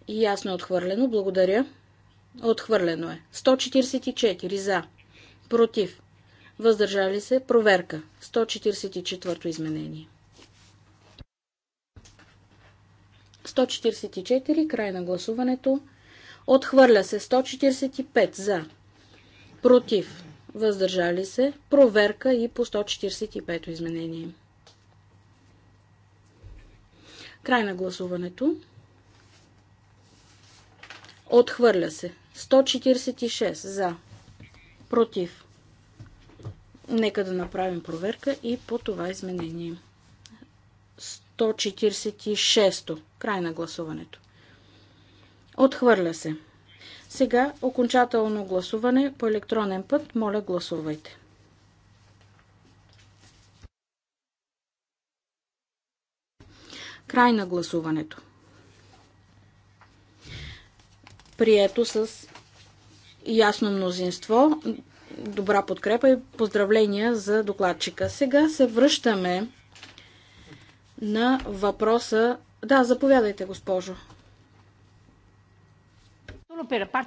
Ясно е отхвърлено. Благодаря. Отхвърлено е. 144 за. Против. Въздържали се. Проверка. 144 изменение. 144. Край на гласуването. Отхвърля се. 145 за против, въздържали се, проверка и по 145 изменение. Край на гласуването. Отхвърля се. 146 за. Против. Нека да направим проверка и по това изменение. 146. Край на гласуването. Отхвърля се. Сега окончателно гласуване по електронен път. Моля, гласувайте. Край на гласуването. Прието с ясно мнозинство, добра подкрепа и поздравления за докладчика. Сега се връщаме на въпроса. Да, заповядайте, госпожо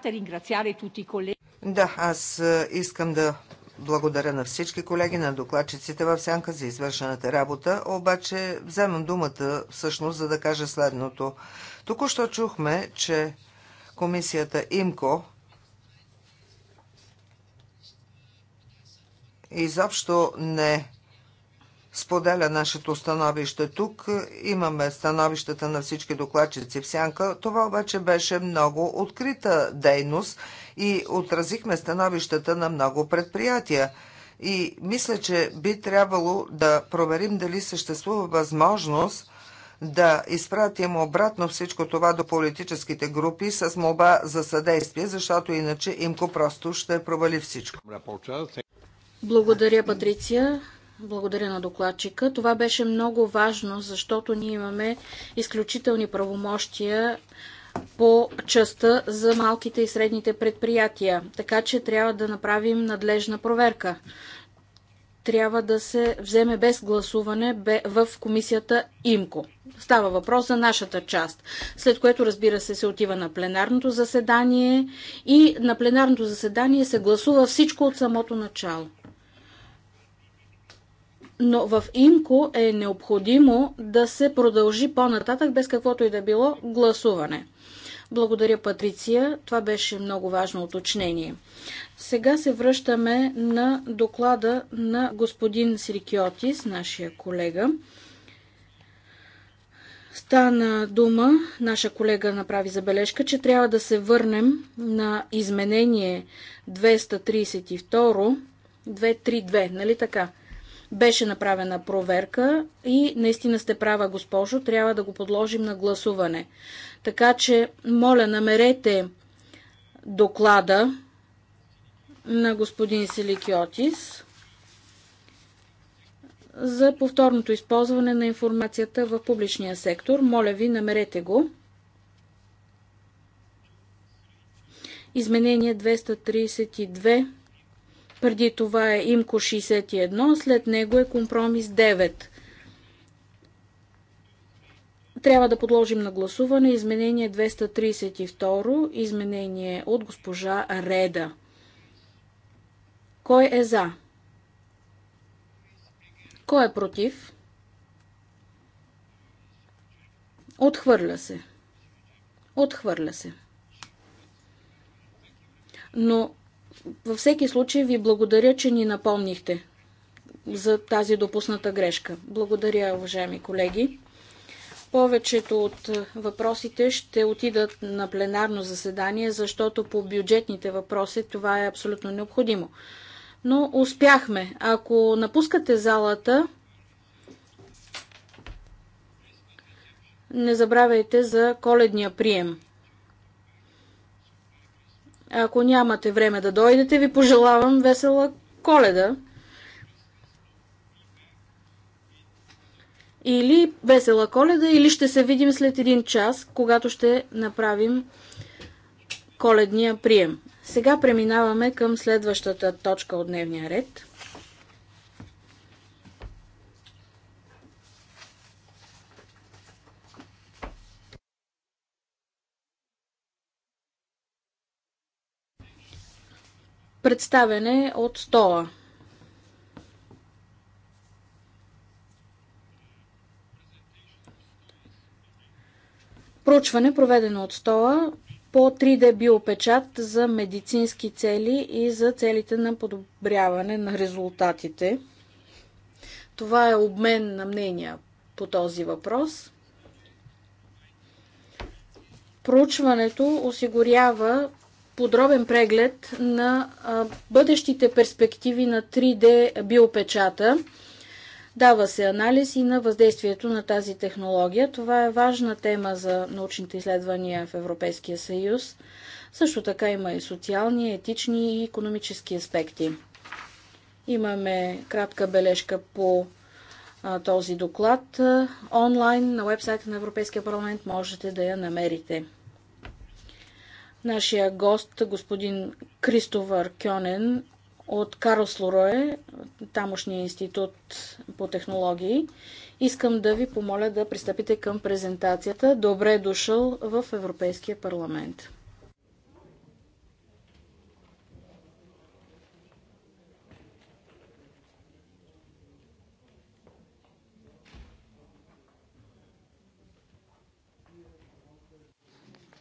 ringraziare tutti i colleghi. Да, аз е, искам да благодаря на всички колеги, на докладчиците в Сянка за извършената работа, обаче вземам думата всъщност, за да кажа следното. Току-що чухме, че комисията ИМКО изобщо не споделя нашето становище тук. Имаме становищата на всички докладчици в сянка. Това обаче беше много открита дейност и отразихме становищата на много предприятия. И мисля, че би трябвало да проверим дали съществува възможност да изпратим обратно всичко това до политическите групи с молба за съдействие, защото иначе Имко просто ще провали всичко. Благодаря, Патриция. Благодаря на докладчика. Това беше много важно, защото ние имаме изключителни правомощия по частта за малките и средните предприятия. Така че трябва да направим надлежна проверка. Трябва да се вземе без гласуване в комисията ИМКО. Става въпрос за нашата част, след което разбира се се отива на пленарното заседание и на пленарното заседание се гласува всичко от самото начало но в Инко е необходимо да се продължи по-нататък, без каквото и да било, гласуване. Благодаря, Патриция. Това беше много важно уточнение. Сега се връщаме на доклада на господин Сирикиотис, нашия колега. Стана дума, наша колега направи забележка, че трябва да се върнем на изменение 232, 232, нали така? Беше направена проверка и наистина сте права, госпожо, трябва да го подложим на гласуване. Така че, моля, намерете доклада на господин Селикиотис за повторното използване на информацията в публичния сектор. Моля ви, намерете го. Изменение 232 преди това е имко 61, след него е компромис 9. Трябва да подложим на гласуване изменение 232, изменение от госпожа Реда. Кой е за? Кой е против? Отхвърля се. Отхвърля се. Но във всеки случай ви благодаря, че ни напомнихте за тази допусната грешка. Благодаря, уважаеми колеги. Повечето от въпросите ще отидат на пленарно заседание, защото по бюджетните въпроси това е абсолютно необходимо. Но успяхме. Ако напускате залата, не забравяйте за коледния прием. Ако нямате време да дойдете, ви пожелавам весела коледа. Или весела коледа, или ще се видим след един час, когато ще направим коледния прием. Сега преминаваме към следващата точка от дневния ред – представене от стола. Проучване, проведено от стола по 3D биопечат за медицински цели и за целите на подобряване на резултатите. Това е обмен на мнения по този въпрос. Проучването осигурява подробен преглед на бъдещите перспективи на 3D биопечата. Дава се анализ и на въздействието на тази технология. Това е важна тема за научните изследвания в Европейския съюз. Също така има и социални, етични и економически аспекти. Имаме кратка бележка по а, този доклад. Онлайн на вебсайта на Европейския парламент можете да я намерите. Нашия гост, господин Кристовър Кьонен от Карлс Лорое, тамошния институт по технологии. Искам да ви помоля да пристъпите към презентацията. Добре е дошъл в Европейския парламент.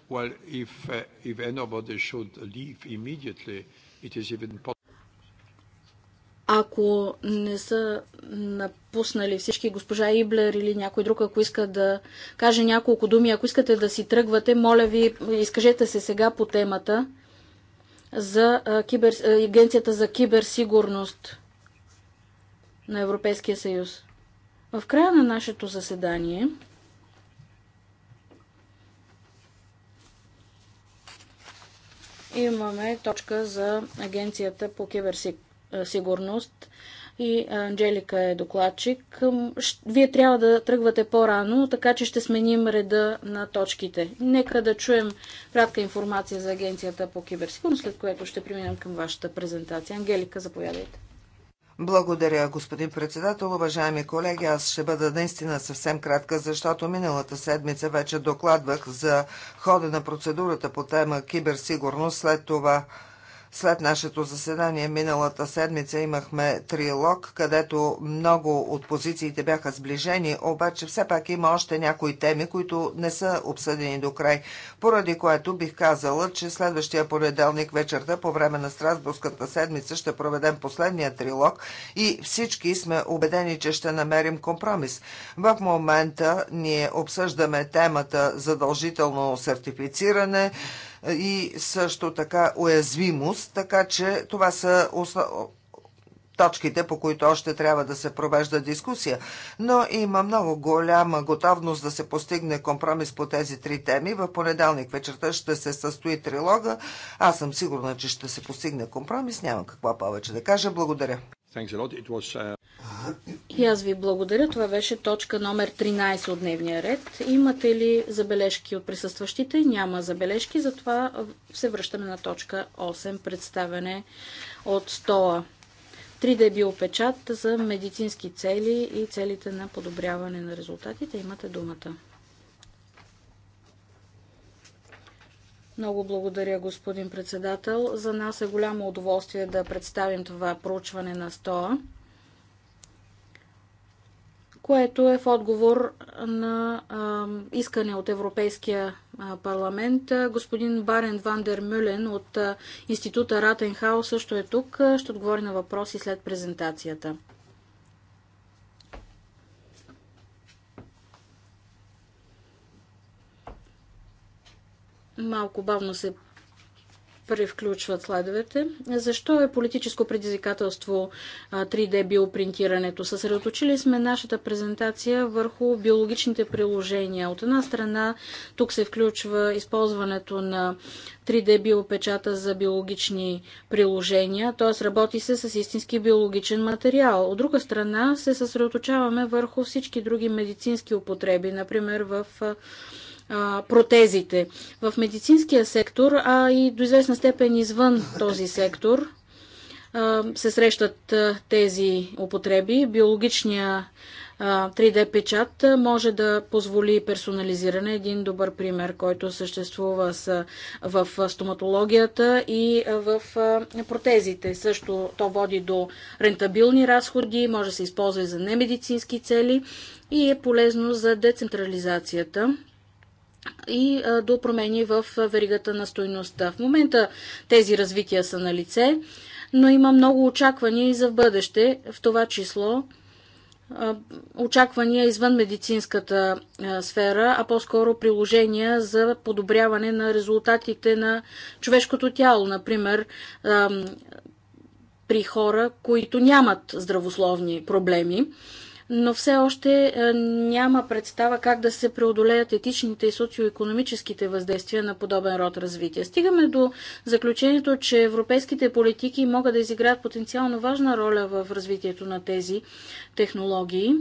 Well, if, uh, if anybody should leave immediately, it is even possible. Ако не са напуснали всички, госпожа Иблер или някой друг, ако иска да каже няколко думи, ако искате да си тръгвате, моля ви, изкажете се сега по темата за кибер, Агенцията за киберсигурност на Европейския съюз. В края на нашето заседание Имаме точка за Агенцията по киберсигурност и Анджелика е докладчик. Вие трябва да тръгвате по-рано, така че ще сменим реда на точките. Нека да чуем кратка информация за Агенцията по киберсигурност, след което ще преминем към вашата презентация. Ангелика, заповядайте. Благодаря, господин председател. Уважаеми колеги, аз ще бъда наистина съвсем кратка, защото миналата седмица вече докладвах за хода на процедурата по тема киберсигурност. След това след нашето заседание миналата седмица имахме трилог, където много от позициите бяха сближени, обаче все пак има още някои теми, които не са обсъдени до край, поради което бих казала, че следващия понеделник вечерта по време на Страсбургската седмица ще проведем последния трилог и всички сме убедени, че ще намерим компромис. В момента ние обсъждаме темата задължително сертифициране, и също така уязвимост, така че това са точките, по които още трябва да се провежда дискусия, но има много голяма готовност да се постигне компромис по тези три теми. В понеделник вечерта ще се състои трилога. Аз съм сигурна, че ще се постигне компромис. Няма какво повече да кажа. Благодаря. Uh, и аз ви благодаря. Това беше точка номер 13 от дневния ред. Имате ли забележки от присъстващите? Няма забележки, затова се връщаме на точка 8, представяне от стола. 3D биопечат за медицински цели и целите на подобряване на резултатите. Имате думата. Много благодаря, господин председател. За нас е голямо удоволствие да представим това проучване на СТОА, което е в отговор на искане от Европейския парламент. Господин Барен Вандер Мюлен от Института Ратенхаус също е тук. Ще отговори на въпроси след презентацията. Малко бавно се превключват слайдовете. Защо е политическо предизвикателство 3D биопринтирането? Съсредоточили сме нашата презентация върху биологичните приложения. От една страна, тук се включва използването на 3D биопечата за биологични приложения, т.е. работи се с истински биологичен материал. От друга страна, се съсредоточаваме върху всички други медицински употреби, например в а, протезите. В медицинския сектор, а и до известна степен извън този сектор, а, се срещат а, тези употреби. Биологичния 3D печат може да позволи персонализиране. Един добър пример, който съществува с, в стоматологията и в протезите. Също то води до рентабилни разходи, може да се използва и за немедицински цели и е полезно за децентрализацията и до промени в веригата на стойността. В момента тези развития са на лице, но има много очаквания и за в бъдеще, в това число очаквания извън медицинската сфера, а по-скоро приложения за подобряване на резултатите на човешкото тяло, например при хора, които нямат здравословни проблеми но все още е, няма представа как да се преодолеят етичните и социоекономическите въздействия на подобен род развитие. Стигаме до заключението, че европейските политики могат да изиграят потенциално важна роля в развитието на тези технологии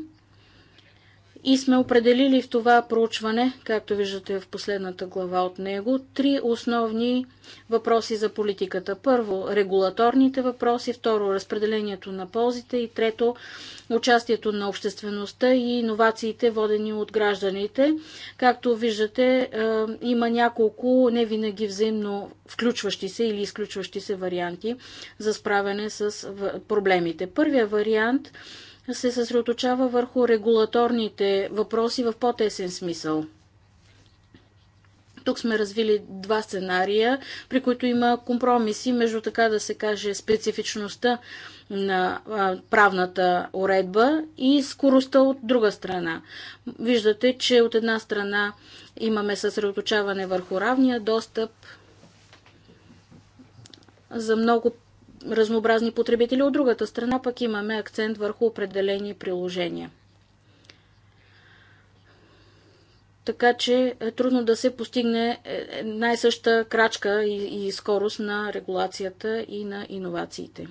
и сме определили в това проучване, както виждате в последната глава от него, три основни въпроси за политиката. Първо, регулаторните въпроси, второ, разпределението на ползите и трето, участието на обществеността и иновациите, водени от гражданите. Както виждате, е, има няколко не винаги взаимно включващи се или изключващи се варианти за справяне с проблемите. Първия вариант е се съсредоточава върху регулаторните въпроси в по-тесен смисъл. Тук сме развили два сценария, при които има компромиси между така да се каже специфичността на правната уредба и скоростта от друга страна. Виждате, че от една страна имаме съсредоточаване върху равния достъп за много разнообразни потребители. От другата страна пък имаме акцент върху определени приложения. Така че е трудно да се постигне е, е, най-съща крачка и, и скорост на регулацията и на иновациите.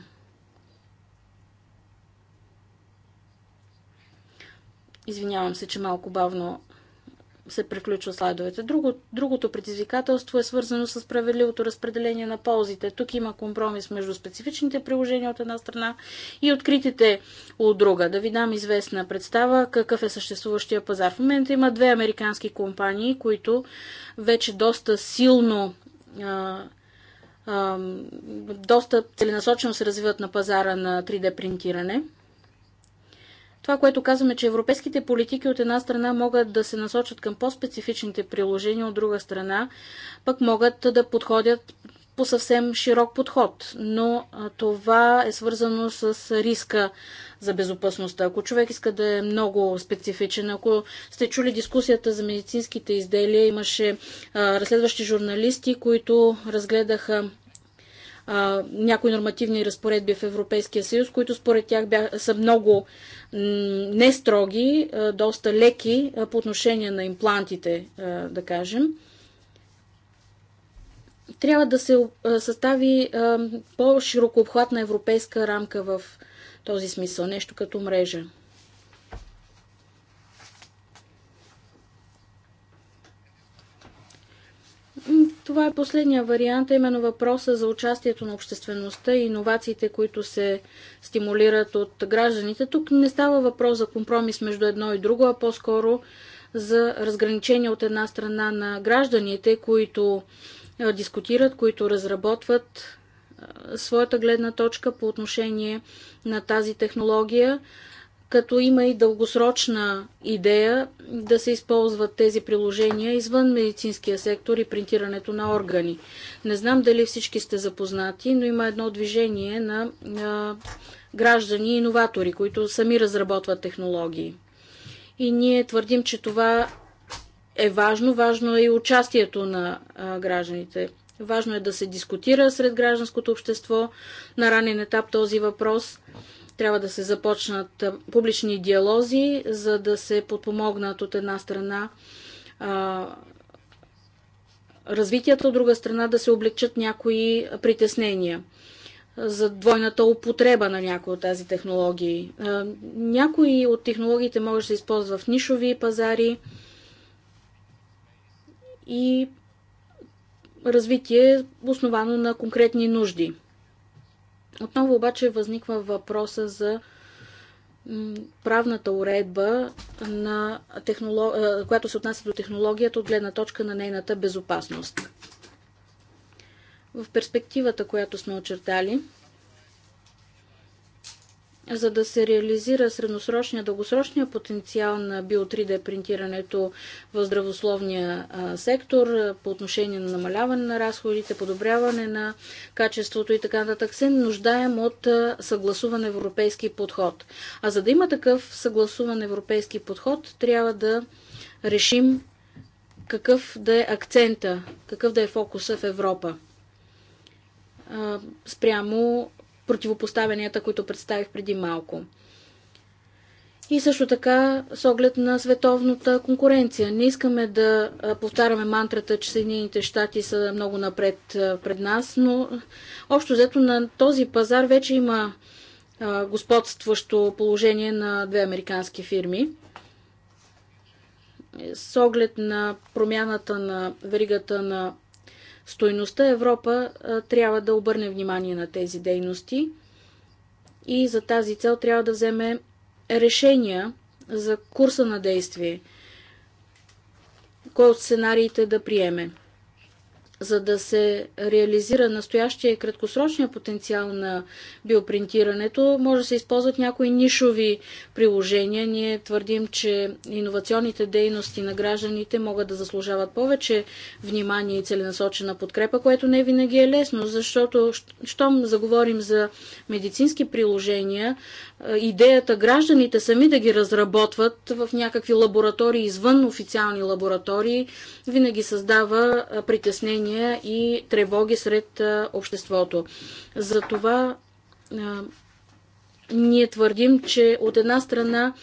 Извинявам се, че малко бавно се приключват слайдовете. Друго, другото предизвикателство е свързано с справедливото разпределение на ползите. Тук има компромис между специфичните приложения от една страна и откритите от друга. Да ви дам известна представа какъв е съществуващия пазар. В момента има две американски компании, които вече доста силно а, а, доста целенасочено се развиват на пазара на 3D принтиране – това, което казваме, че европейските политики от една страна могат да се насочат към по-специфичните приложения, от друга страна пък могат да подходят по съвсем широк подход, но това е свързано с риска за безопасността. Ако човек иска да е много специфичен, ако сте чули дискусията за медицинските изделия, имаше а, разследващи журналисти, които разгледаха а, някои нормативни разпоредби в Европейския съюз, които според тях бях, са много нестроги, доста леки а, по отношение на имплантите, а, да кажем. Трябва да се състави по-широко обхватна европейска рамка в този смисъл, нещо като мрежа. Това е последния вариант, именно въпроса за участието на обществеността и иновациите, които се стимулират от гражданите. Тук не става въпрос за компромис между едно и друго, а по-скоро за разграничение от една страна на гражданите, които дискутират, които разработват своята гледна точка по отношение на тази технология като има и дългосрочна идея да се използват тези приложения извън медицинския сектор и принтирането на органи. Не знам дали всички сте запознати, но има едно движение на а, граждани и иноватори, които сами разработват технологии. И ние твърдим, че това е важно. Важно е и участието на а, гражданите. Важно е да се дискутира сред гражданското общество на ранен етап този въпрос – трябва да се започнат публични диалози, за да се подпомогнат от една страна развитието, от друга страна да се облегчат някои притеснения за двойната употреба на някои от тази технологии. Някои от технологиите може да се използва в нишови пазари и развитие основано на конкретни нужди. Отново обаче възниква въпроса за правната уредба, на технолог... която се отнася до технологията от гледна точка на нейната безопасност. В перспективата, която сме очертали, за да се реализира средносрочния, дългосрочния потенциал на био3D принтирането в здравословния сектор по отношение на намаляване на разходите, подобряване на качеството и така нататък, се нуждаем от съгласуван европейски подход. А за да има такъв съгласуван европейски подход, трябва да решим какъв да е акцента, какъв да е фокуса в Европа спрямо противопоставянията, които представих преди малко. И също така с оглед на световната конкуренция. Не искаме да повтаряме мантрата, че Съединените щати са много напред пред нас, но общо взето на този пазар вече има господстващо положение на две американски фирми. С оглед на промяната на веригата на стойността, Европа трябва да обърне внимание на тези дейности и за тази цел трябва да вземе решения за курса на действие, кой от сценариите да приеме за да се реализира настоящия и краткосрочния потенциал на биопринтирането, може да се използват някои нишови приложения. Ние твърдим, че иновационните дейности на гражданите могат да заслужават повече внимание и целенасочена подкрепа, което не винаги е лесно, защото щом заговорим за медицински приложения, идеята гражданите сами да ги разработват в някакви лаборатории извън официални лаборатории винаги създава притеснение притеснения и тревоги сред обществото. Затова ние твърдим, че от една страна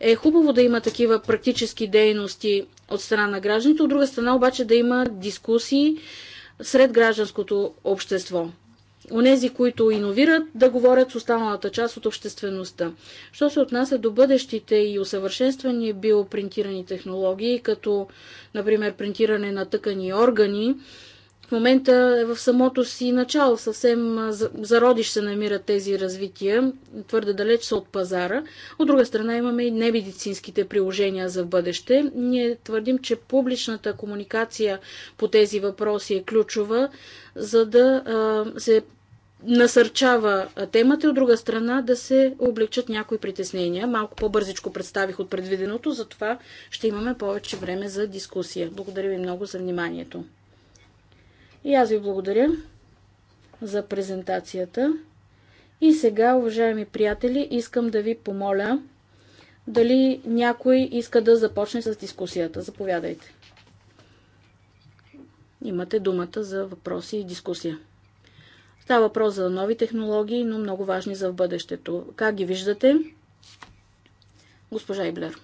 е хубаво да има такива практически дейности от страна на гражданите, от друга страна обаче да има дискусии сред гражданското общество. Онези, които иновират, да говорят с останалата част от обществеността. Що се отнася до бъдещите и усъвършенствани биопринтирани технологии, като, например, принтиране на тъкани и органи, в момента е в самото си начало. Съвсем зародиш се намират тези развития, твърде далеч са от пазара. От друга страна имаме и немедицинските приложения за в бъдеще. Ние твърдим, че публичната комуникация по тези въпроси е ключова, за да се насърчава темата и от друга страна да се облегчат някои притеснения. Малко по-бързичко представих от предвиденото, затова ще имаме повече време за дискусия. Благодаря ви много за вниманието. И аз ви благодаря за презентацията. И сега, уважаеми приятели, искам да ви помоля дали някой иска да започне с дискусията. Заповядайте. Имате думата за въпроси и дискусия. Става въпрос за нови технологии, но много важни за в бъдещето. Как ги виждате? Госпожа Иблер.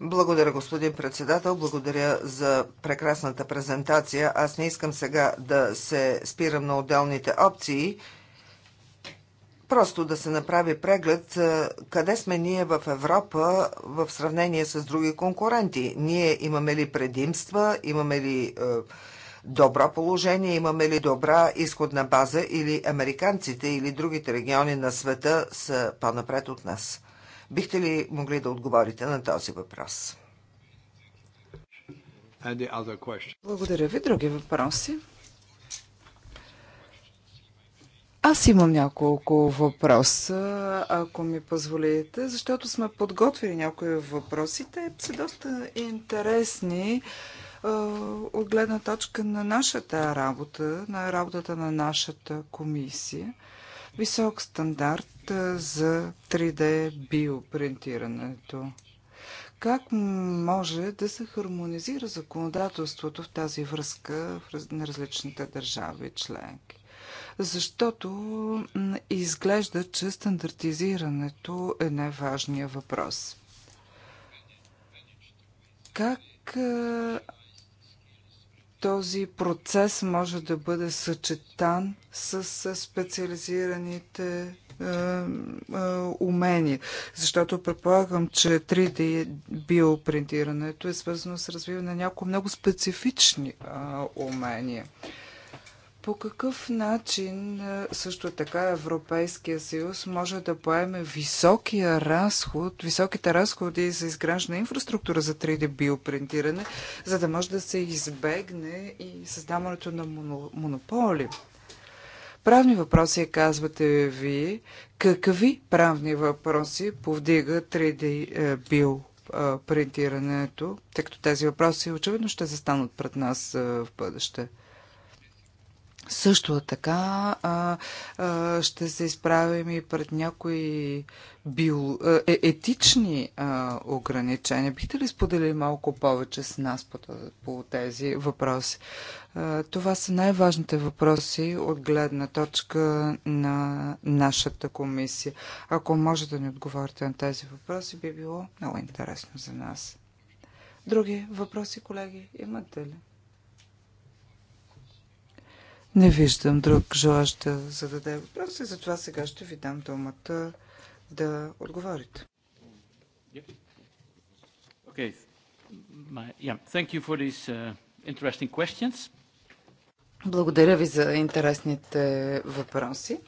Благодаря, господин председател. Благодаря за прекрасната презентация. Аз не искам сега да се спирам на отделните опции. Просто да се направи преглед къде сме ние в Европа в сравнение с други конкуренти. Ние имаме ли предимства, имаме ли добро положение, имаме ли добра изходна база или американците или другите региони на света са по-напред от нас. Бихте ли могли да отговорите на този въпрос? Благодаря ви. Други въпроси? Аз имам няколко въпроса, ако ми позволите, защото сме подготвили някои въпроси. Те са доста интересни от гледна точка на нашата работа, на работата на нашата комисия висок стандарт за 3D биопринтирането. Как може да се хармонизира законодателството в тази връзка на различните държави членки? Защото изглежда, че стандартизирането е най-важният въпрос. Как този процес може да бъде съчетан с специализираните е, е, умения. Защото предполагам, че 3D биопринтирането е свързано с развиване на някои много специфични е, умения. По какъв начин е, също така Европейския съюз може да поеме високия разход, високите разходи за изграждане инфраструктура за 3D биопринтиране, за да може да се избегне и създаването на монополи? Правни въпроси, казвате ви Какви правни въпроси повдига 3D е, био е, принтирането, тъй като тези въпроси очевидно ще застанат пред нас в бъдеще? Също така а, а, ще се изправим и пред някои био, е, етични а, ограничения. Бихте ли споделили малко повече с нас по, по тези въпроси? А, това са най-важните въпроси от гледна точка на нашата комисия. Ако можете да ни отговорите на тези въпроси, би било много интересно за нас. Други въпроси, колеги, имате ли? Не виждам друг желащ да зададе въпрос и затова сега ще ви дам думата да отговорите. Okay. Yeah. Thank you for these uh, interesting questions. Благодаря ви за интересните въпроси.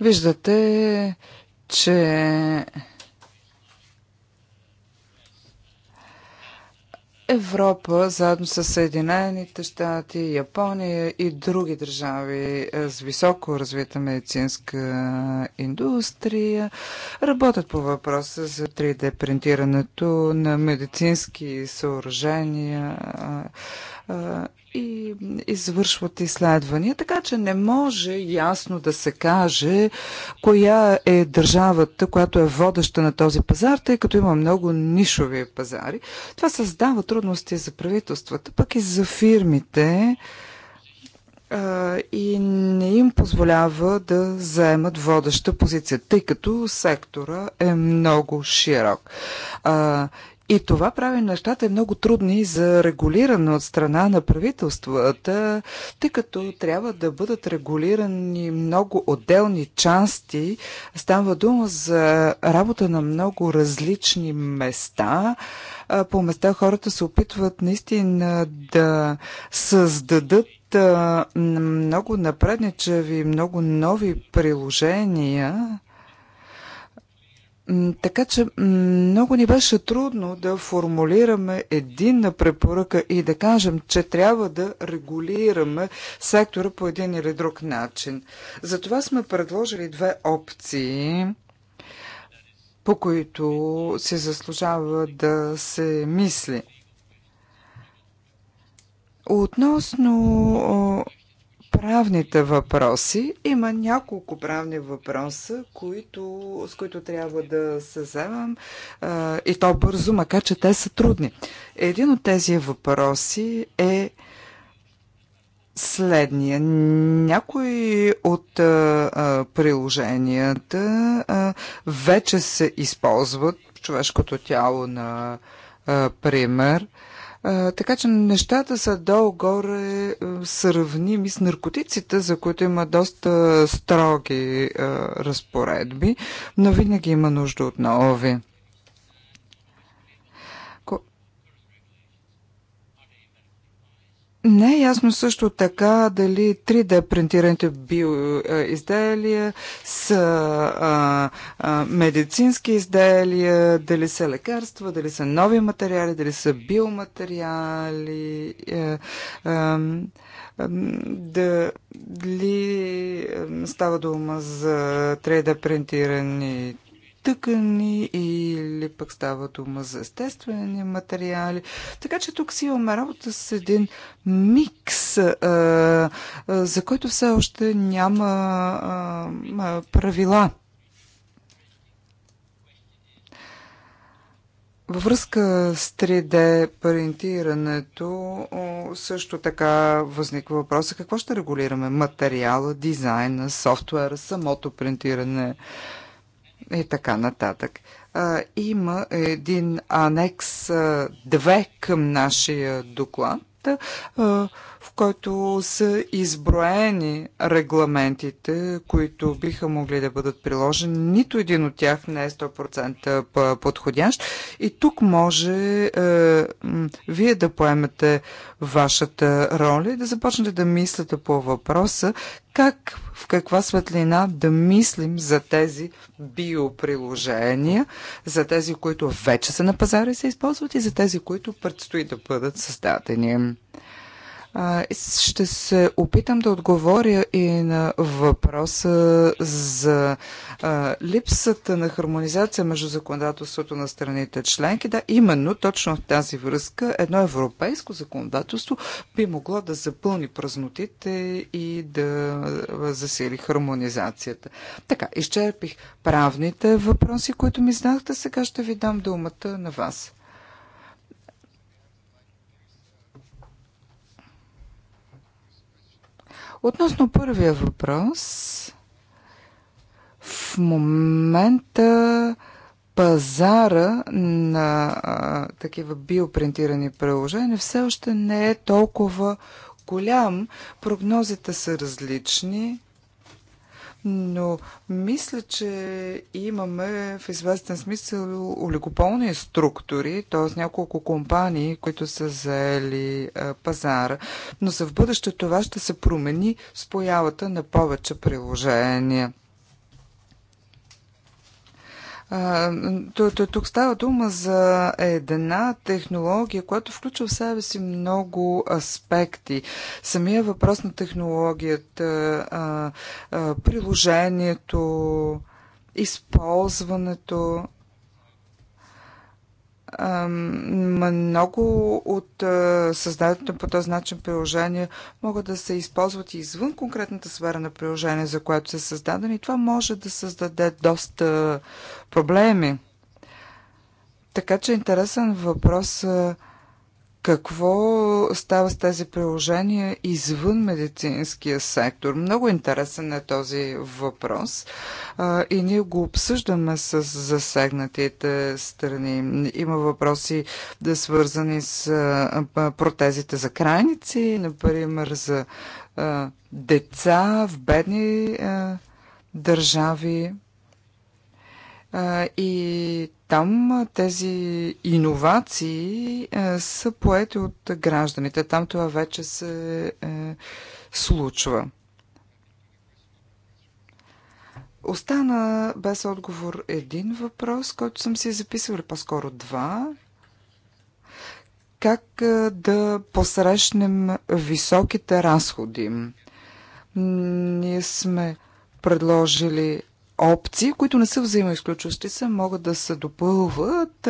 Виждате, че Европа, заедно с Съединените щати, Япония и други държави е, с високо развита медицинска е, индустрия, работят по въпроса за 3D принтирането на медицински съоръжения е, и извършват изследвания, така че не може ясно да се каже коя е държавата, която е водеща на този пазар, тъй като има много нишови пазари. Това създава трудности за правителствата, пък и за фирмите и не им позволява да заемат водеща позиция, тъй като сектора е много широк. И това прави нещата е много трудни за регулиране от страна на правителствата, тъй като трябва да бъдат регулирани много отделни части. Става дума за работа на много различни места. По места хората се опитват наистина да създадат много напредничави, много нови приложения така че много ни беше трудно да формулираме единна препоръка и да кажем, че трябва да регулираме сектора по един или друг начин. Затова сме предложили две опции, по които се заслужава да се мисли. Относно правните въпроси. Има няколко правни въпроса, които, с които трябва да се вземам а, и то бързо, макар че те са трудни. Един от тези въпроси е следния. Някои от а, а, приложенията а, вече се използват човешкото тяло на а, пример. А, така че нещата са долу-горе е, сравними с наркотиците, за които има доста строги е, разпоредби, но винаги има нужда от нови. Не е ясно също така дали 3D принтираните биоизделия са а, а, медицински изделия, дали са лекарства, дали са нови материали, дали са биоматериали. А, е, а, дали става дума за 3D принтирани тъкани или пък става дума за естествени материали. Така че тук си имаме работа с един микс, а, а, за който все още няма а, а, правила. Във връзка с 3D принтирането също така възниква въпроса какво ще регулираме? Материала, дизайна, софтуера, самото принтиране и така нататък. А, има един анекс 2 към нашия доклад, а, в който са изброени регламентите, които биха могли да бъдат приложени. Нито един от тях не е 100% подходящ. И тук може е, вие да поемете вашата роля и да започнете да мислите по въпроса как, в каква светлина да мислим за тези биоприложения, за тези, които вече са на пазара и се използват и за тези, които предстои да бъдат създадени. Ще се опитам да отговоря и на въпроса за липсата на хармонизация между законодателството на страните членки. Да, именно точно в тази връзка едно европейско законодателство би могло да запълни празнотите и да засили хармонизацията. Така, изчерпих правните въпроси, които ми знахте, Сега ще ви дам думата на вас. Относно първия въпрос, в момента пазара на а, такива биопринтирани приложения все още не е толкова голям. Прогнозите са различни но мисля, че имаме в известен смисъл олигополни структури, т.е. няколко компании, които са заели пазара, но за в бъдеще това ще се промени с появата на повече приложения. Тук става дума за една технология, която включва в себе си много аспекти. Самия въпрос на технологията, приложението, използването много от създадените по този начин приложения могат да се използват и извън конкретната сфера на приложение, за което са създадени. И това може да създаде доста проблеми. Така че интересен въпрос какво става с тези приложения извън медицинския сектор. Много интересен е този въпрос а, и ние го обсъждаме с засегнатите страни. Има въпроси да свързани с а, протезите за крайници, например за а, деца в бедни държави. И там тези иновации е, са поети от гражданите. Там това вече се е, случва. Остана без отговор един въпрос, който съм си записвала, по-скоро два. Как да посрещнем високите разходи? Ние сме предложили опции, които не са взаимоизключващи се, могат да се допълват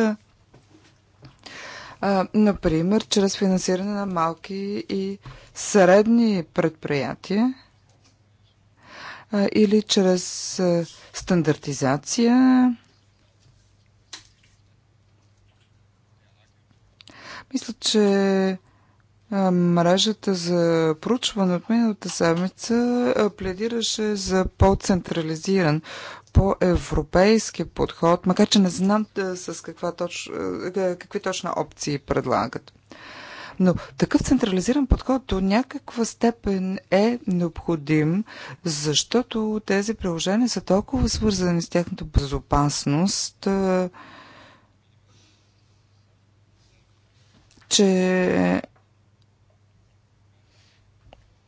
например, чрез финансиране на малки и средни предприятия или чрез стандартизация. Мисля, че Мрежата за проучване от миналата седмица пледираше за по-централизиран, по-европейски подход, макар че не знам да, с каква точ, какви точно опции предлагат. Но такъв централизиран подход до някаква степен е необходим, защото тези приложения са толкова свързани с тяхната безопасност, че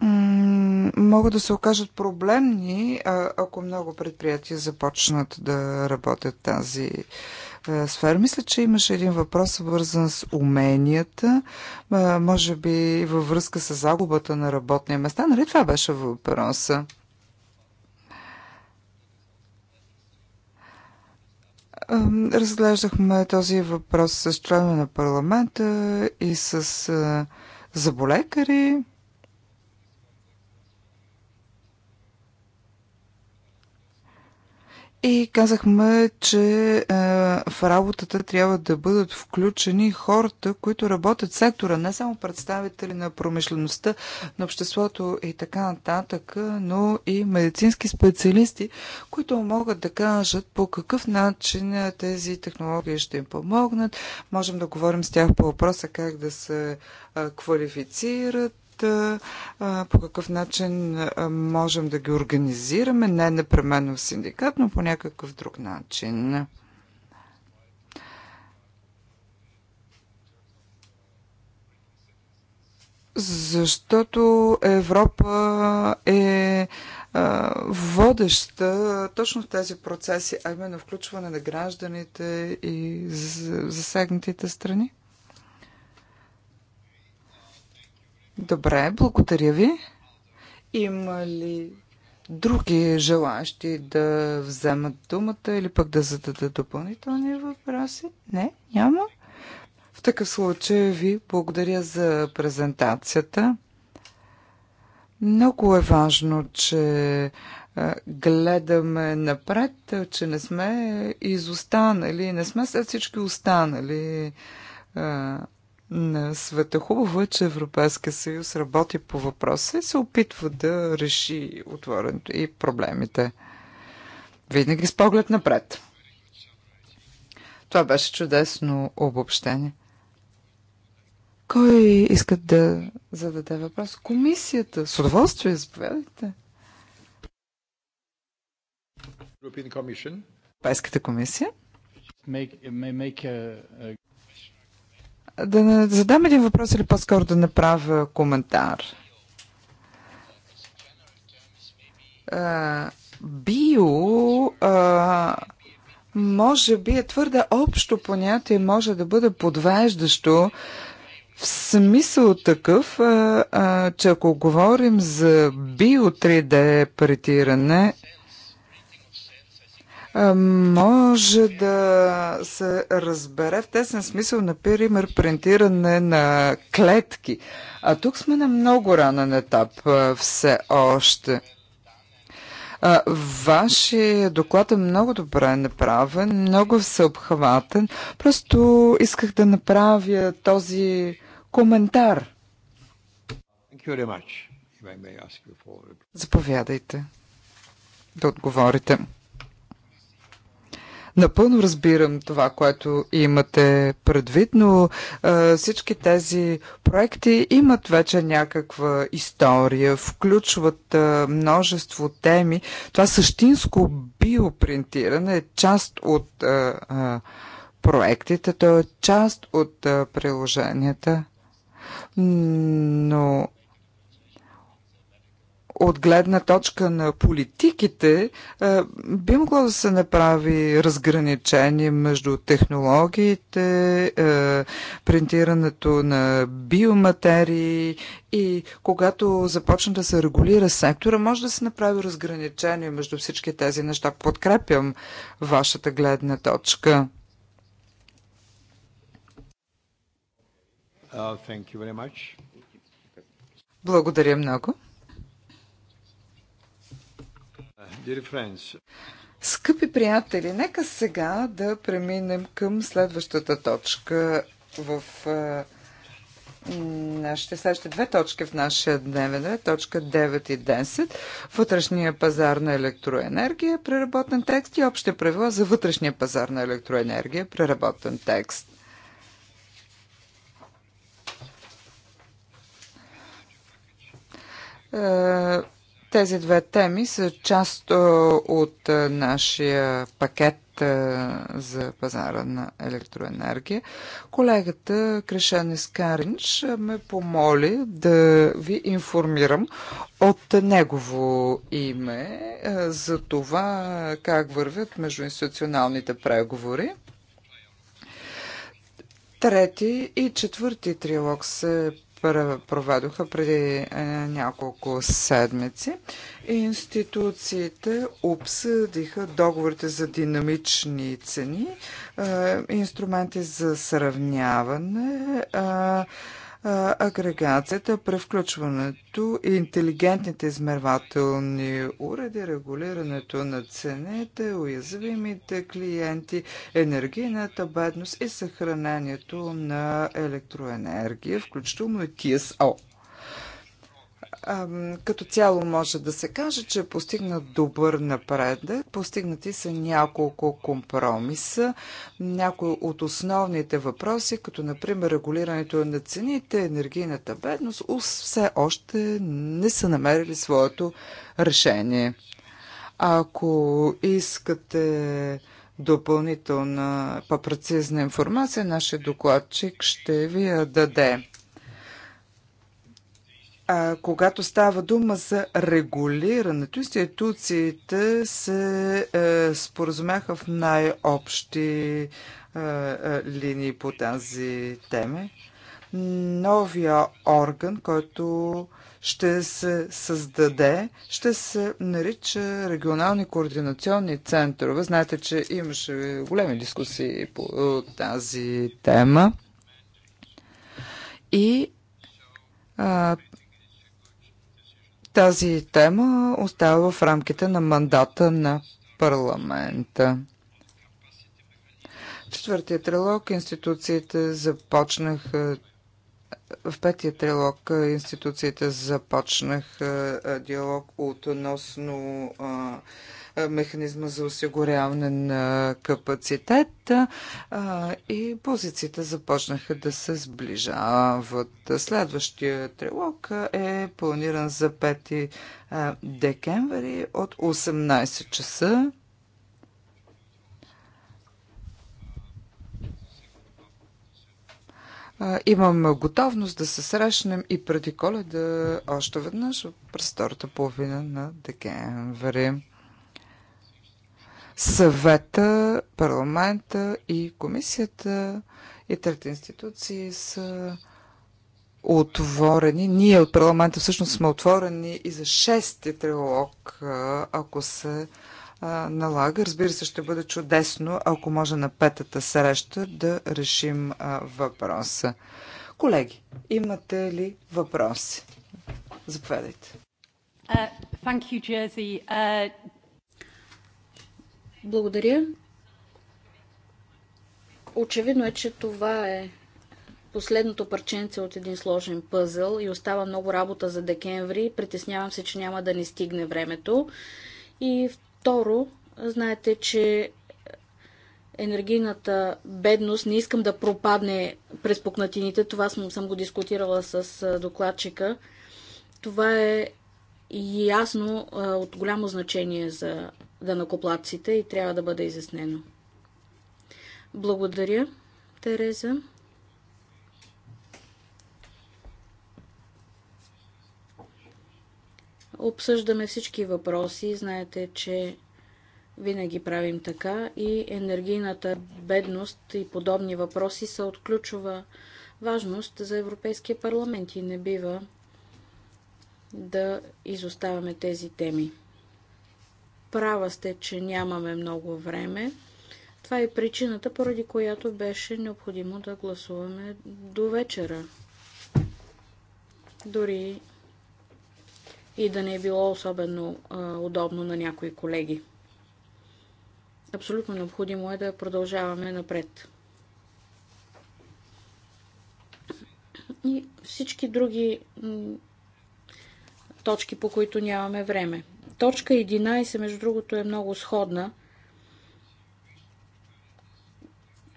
могат да се окажат проблемни, ако много предприятия започнат да работят тази сфера. Мисля, че имаше един въпрос, свързан с уменията, може би във връзка с загубата на работни места. Нали това беше въпроса? Разглеждахме този въпрос с членове на парламента и с заболекари. И казахме, че е, в работата трябва да бъдат включени хората, които работят в сектора, не само представители на промишлеността, на обществото и така нататък, но и медицински специалисти, които могат да кажат по какъв начин тези технологии ще им помогнат. Можем да говорим с тях по въпроса как да се е, квалифицират, по какъв начин можем да ги организираме, не непременно в синдикат, но по някакъв друг начин. Защото Европа е водеща точно в тези процеси, а именно включване на гражданите и засегнатите страни? Добре, благодаря ви. Има ли други желащи да вземат думата или пък да зададат допълнителни въпроси? Не, няма. В такъв случай ви благодаря за презентацията. Много е важно, че гледаме напред, че не сме изостанали, не сме след всички останали на света. Хубаво е, че Европейския съюз работи по въпроса и се опитва да реши отворенето и проблемите. Винаги с поглед напред. Това беше чудесно обобщение. Кой иска да зададе въпрос? Комисията. С удоволствие, заповядайте. Европейската комисия. Make, make a, a да задам един въпрос или по-скоро да направя коментар. Био може би е твърде общо понятие, може да бъде подвеждащо в смисъл такъв, че ако говорим за био 3D претиране, може да се разбере в тесен смисъл, например, принтиране на клетки. А тук сме на много ранен етап все още. Вашия доклад е много добре направен, много всеобхватен. Просто исках да направя този коментар. Заповядайте да отговорите. Напълно разбирам това, което имате предвид, но а, всички тези проекти имат вече някаква история, включват а, множество теми. Това същинско биопринтиране е част от а, а, проектите, то е част от а, приложенията. Но от гледна точка на политиките е, би могло да се направи разграничение между технологиите, е, принтирането на биоматерии и когато започне да се регулира сектора, може да се направи разграничение между всички тези неща. Подкрепям вашата гледна точка. Uh, Благодаря много. Скъпи приятели, нека сега да преминем към следващата точка в нашите следващите две точки в нашия дневен ред, точка 9 и 10, вътрешния пазар на електроенергия, преработен текст и общи правила за вътрешния пазар на електроенергия, преработен текст. Е, тези две теми са част от нашия пакет за пазара на електроенергия. Колегата Крешен Каринч ме помоли да ви информирам от негово име за това как вървят междуинституционалните преговори. Трети и четвърти трилог се проведоха преди е, няколко седмици. Институциите обсъдиха договорите за динамични цени, е, инструменти за сравняване, е, агрегацията, превключването и интелигентните измервателни уреди, регулирането на цените, уязвимите клиенти, енергийната бедност и съхранението на електроенергия, включително и TSO. Като цяло може да се каже, че е постигнат добър напредък, постигнати са няколко компромиса, някои от основните въпроси, като например регулирането на цените, енергийната бедност, все още не са намерили своето решение. Ако искате допълнителна, по-прецизна информация, нашия докладчик ще ви я даде. А, когато става дума за регулирането, институциите се е, споразумяха в най-общи е, е, линии по тази теме. Новия орган, който ще се създаде, ще се нарича регионални координационни центрове. Знаете, че имаше големи дискусии по е, тази тема. И а, тази тема остава в рамките на мандата на парламента. В трилог институциите започнаха в петия трилог институциите започнаха диалог относно механизма за осигуряване на капацитет и позициите започнаха да се сближават. Следващия трилог е планиран за 5 декември от 18 часа. Имам готовност да се срещнем и преди коледа още веднъж през втората половина на декември съвета, парламента и комисията и трети институции са отворени. Ние от парламента всъщност сме отворени и за шести трилог, ако се налага. Разбира се, ще бъде чудесно, ако може на петата среща да решим въпроса. Колеги, имате ли въпроси? Заповядайте. Uh, thank you, Jersey. Uh, благодаря. Очевидно е, че това е последното парченце от един сложен пъзъл и остава много работа за декември. Притеснявам се, че няма да ни стигне времето. И второ, знаете, че енергийната бедност не искам да пропадне през пукнатините. Това съм, съм го дискутирала с докладчика. Това е ясно от голямо значение за данакоплатците и трябва да бъде изяснено. Благодаря, Тереза. Обсъждаме всички въпроси. Знаете, че винаги правим така и енергийната бедност и подобни въпроси са от ключова важност за Европейския парламент и не бива да изоставяме тези теми. Права сте, че нямаме много време. Това е причината, поради която беше необходимо да гласуваме до вечера. Дори и да не е било особено а, удобно на някои колеги. Абсолютно необходимо е да продължаваме напред. И всички други точки, по които нямаме време. Точка 11, между другото, е много сходна.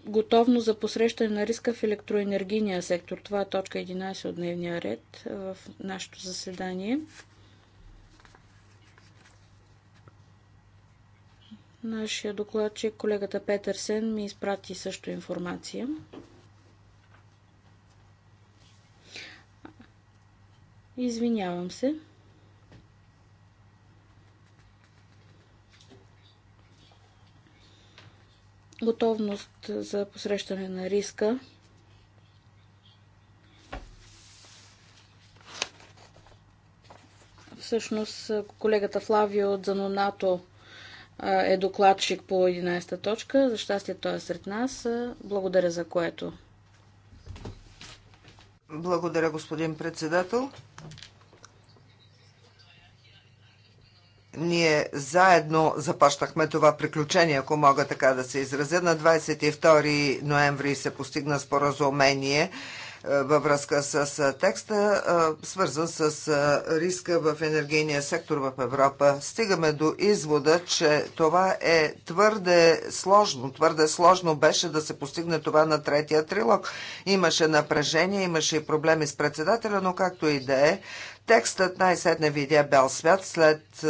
Готовно за посрещане на риска в електроенергийния сектор. Това е точка 11 от дневния ред в нашето заседание. Нашия докладчик, колегата Петърсен, ми изпрати също информация. Извинявам се. готовност за посрещане на риска. Всъщност колегата Флавио от Занонато е докладчик по 11-та точка. За щастие той е сред нас. Благодаря за което. Благодаря, господин председател. ние заедно започнахме това приключение, ако мога така да се изразя. На 22 ноември се постигна споразумение е, във връзка с е, текста, е, свързан с риска в енергийния сектор в Европа. Стигаме до извода, че това е твърде сложно. Твърде сложно беше да се постигне това на третия трилог. Имаше напрежение, имаше и проблеми с председателя, но както и да е, Текстът най-сетне видя бял свят след е,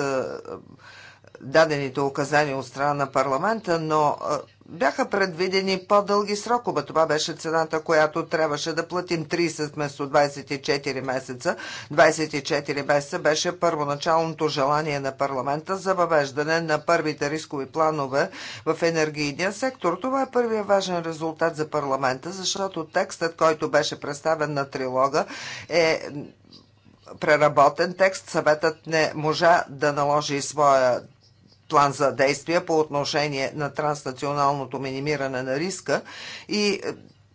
дадените указания от страна на парламента, но е, бяха предвидени по-дълги срокове. Това беше цената, която трябваше да платим 30 вместо 24 месеца. 24 месеца беше първоначалното желание на парламента за въвеждане на първите рискови планове в енергийния сектор. Това е първият важен резултат за парламента, защото текстът, който беше представен на трилога, е преработен текст. Съветът не можа да наложи своя план за действие по отношение на транснационалното минимиране на риска и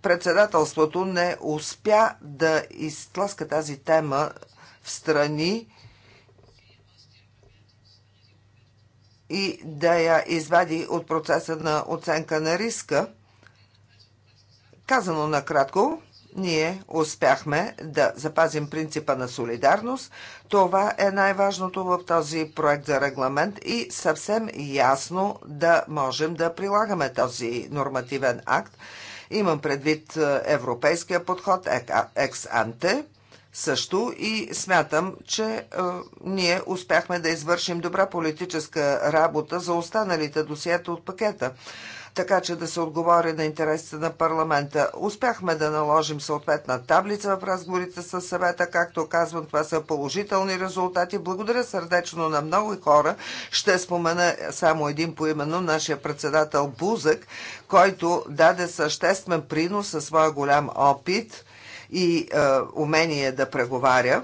председателството не успя да изтласка тази тема в страни и да я извади от процеса на оценка на риска. Казано накратко, ние успяхме да запазим принципа на солидарност. Това е най-важното в този проект за регламент и съвсем ясно да можем да прилагаме този нормативен акт. Имам предвид е, европейския подход екс-анте също и смятам, че е, ние успяхме да извършим добра политическа работа за останалите досиета от пакета така че да се отговори на интересите на парламента. Успяхме да наложим съответна таблица в разговорите с съвета. Както казвам, това са положителни резултати. Благодаря сърдечно на много хора. Ще спомена само един поименно, нашия председател Бузък, който даде съществен принос със своя голям опит и е, умение да преговаря.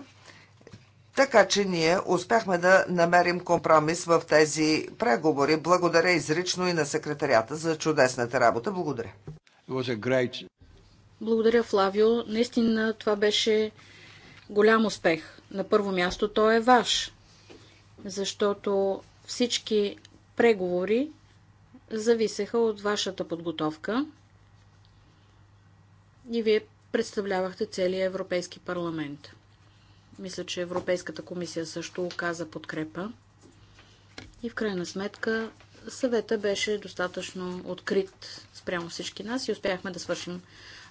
Така че ние успяхме да намерим компромис в тези преговори. Благодаря изрично и на секретарията за чудесната работа. Благодаря. Благодаря, Флавио. Наистина това беше голям успех. На първо място той е ваш, защото всички преговори зависеха от вашата подготовка и вие представлявахте целият Европейски парламент. Мисля, че Европейската комисия също оказа подкрепа. И в крайна сметка съвета беше достатъчно открит спрямо всички нас и успяхме да свършим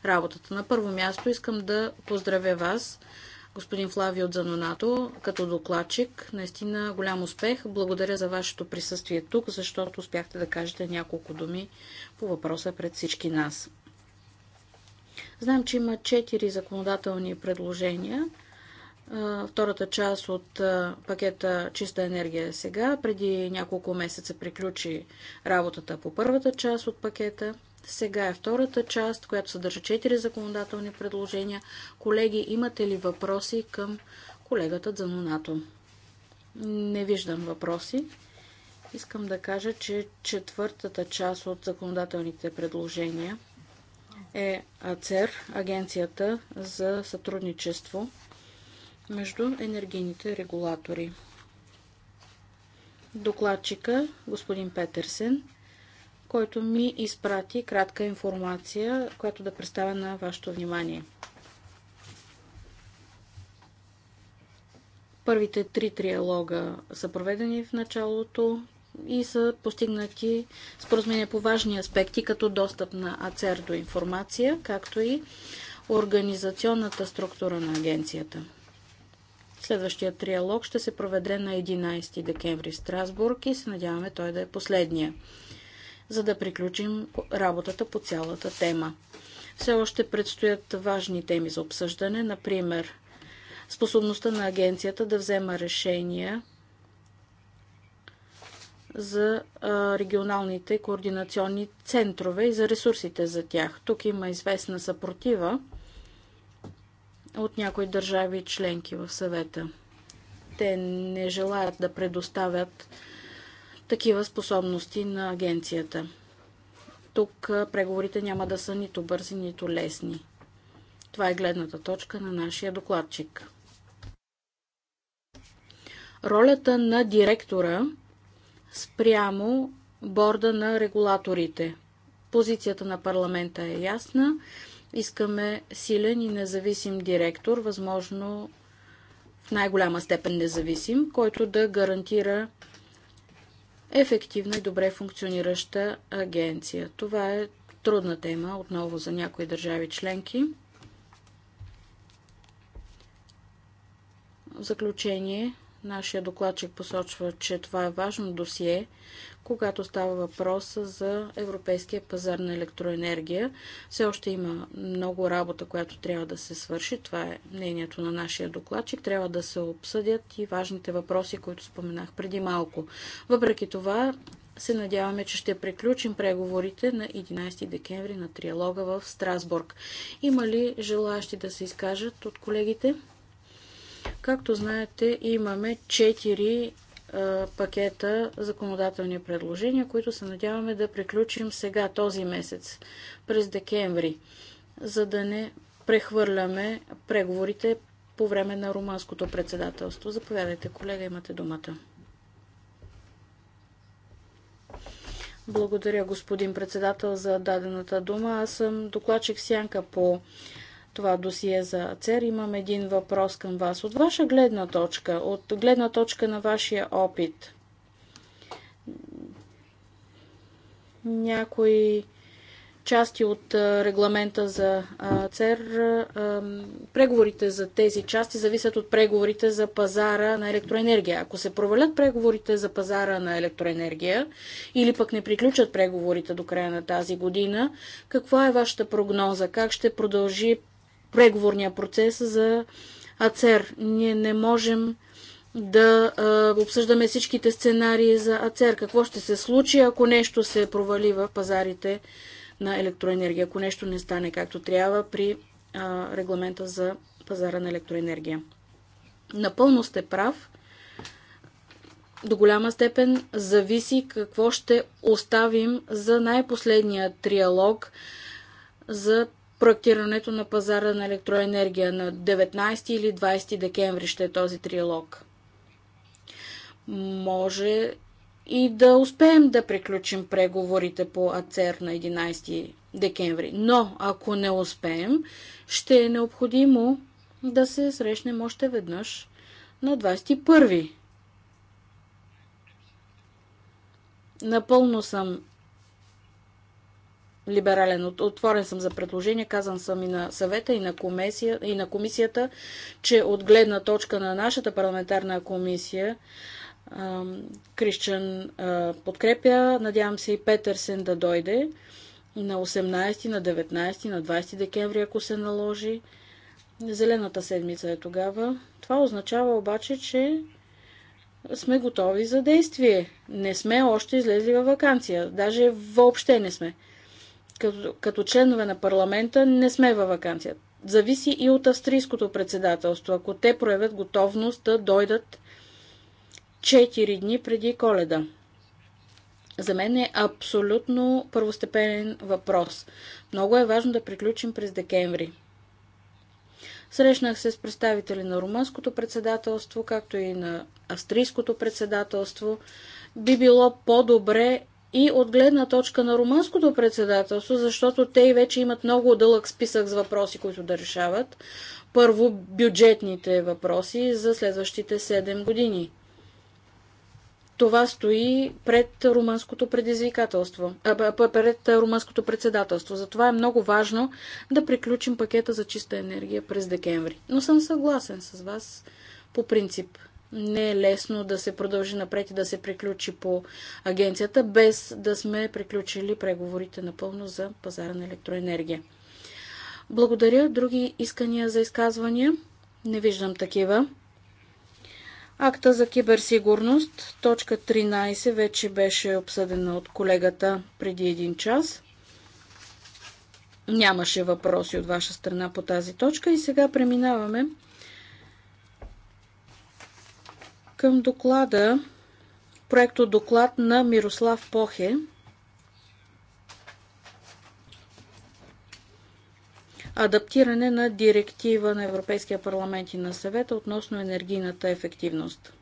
работата. На първо място искам да поздравя вас, господин Флави от Занонато, като докладчик. Наистина голям успех. Благодаря за вашето присъствие тук, защото успяхте да кажете няколко думи по въпроса пред всички нас. Знаем, че има четири законодателни предложения втората част от пакета Чиста енергия е сега. Преди няколко месеца приключи работата по първата част от пакета. Сега е втората част, която съдържа 4 законодателни предложения. Колеги, имате ли въпроси към колегата Дзанонато? Не виждам въпроси. Искам да кажа, че четвъртата част от законодателните предложения е АЦЕР, Агенцията за сътрудничество между енергийните регулатори. Докладчика, господин Петърсен, който ми изпрати кратка информация, която да представя на вашето внимание. Първите три триалога са проведени в началото и са постигнати споразумения по важни аспекти, като достъп на АЦЕР до информация, както и организационната структура на агенцията. Следващия триалог ще се проведе на 11 декември в Страсбург и се надяваме той да е последния, за да приключим работата по цялата тема. Все още предстоят важни теми за обсъждане, например способността на агенцията да взема решения за регионалните координационни центрове и за ресурсите за тях. Тук има известна съпротива от някои държави членки в съвета. Те не желаят да предоставят такива способности на агенцията. Тук преговорите няма да са нито бързи, нито лесни. Това е гледната точка на нашия докладчик. Ролята на директора спрямо борда на регулаторите. Позицията на парламента е ясна. Искаме силен и независим директор, възможно в най-голяма степен независим, който да гарантира ефективна и добре функционираща агенция. Това е трудна тема отново за някои държави членки. В заключение, нашия докладчик посочва, че това е важно досие, когато става въпрос за европейския пазар на електроенергия. Все още има много работа, която трябва да се свърши. Това е мнението на нашия докладчик. Трябва да се обсъдят и важните въпроси, които споменах преди малко. Въпреки това, се надяваме, че ще приключим преговорите на 11 декември на триалога в Страсбург. Има ли желаящи да се изкажат от колегите? Както знаете, имаме 4 пакета законодателни предложения, които се надяваме да приключим сега, този месец, през декември, за да не прехвърляме преговорите по време на романското председателство. Заповядайте, колега, имате думата. Благодаря, господин председател, за дадената дума. Аз съм докладчик Сянка по това досие за ЦЕР. Имам един въпрос към вас. От ваша гледна точка, от гледна точка на вашия опит, някои части от регламента за ЦЕР, преговорите за тези части зависят от преговорите за пазара на електроенергия. Ако се провалят преговорите за пазара на електроенергия или пък не приключат преговорите до края на тази година, каква е вашата прогноза? Как ще продължи преговорния процес за АЦЕР. Ние не можем да а, обсъждаме всичките сценарии за АЦЕР. Какво ще се случи, ако нещо се провали в пазарите на електроенергия, ако нещо не стане както трябва при а, регламента за пазара на електроенергия. Напълно сте прав. До голяма степен зависи какво ще оставим за най-последния триалог за проектирането на пазара на електроенергия. На 19 или 20 декември ще е този триалог. Може и да успеем да приключим преговорите по АЦЕР на 11 декември. Но ако не успеем, ще е необходимо да се срещнем още веднъж на 21. Напълно съм либерален. Отворен съм за предложение, казан съм и на съвета, и на, комисия, и на комисията, че от гледна точка на нашата парламентарна комисия Кришчан подкрепя. Надявам се и Петърсен да дойде на 18, на 19, на 20 декември, ако се наложи. Зелената седмица е тогава. Това означава обаче, че сме готови за действие. Не сме още излезли във вакансия. Даже въобще не сме като, като членове на парламента не сме във вакансия. Зависи и от австрийското председателство, ако те проявят готовност да дойдат 4 дни преди коледа. За мен е абсолютно първостепенен въпрос. Много е важно да приключим през декември. Срещнах се с представители на румънското председателство, както и на австрийското председателство. Би било по-добре и от гледна точка на румънското председателство, защото те вече имат много дълъг списък с въпроси, които да решават. Първо бюджетните въпроси за следващите 7 години. Това стои пред румънското предизвикателство, а, пред румънското председателство. Затова е много важно да приключим пакета за чиста енергия през декември. Но съм съгласен с вас по принцип не е лесно да се продължи напред и да се приключи по агенцията, без да сме приключили преговорите напълно за пазара на електроенергия. Благодаря. Други искания за изказвания? Не виждам такива. Акта за киберсигурност, точка 13, вече беше обсъдена от колегата преди един час. Нямаше въпроси от ваша страна по тази точка и сега преминаваме към доклада, проекто доклад на Мирослав Похе. Адаптиране на директива на Европейския парламент и на съвета относно енергийната ефективност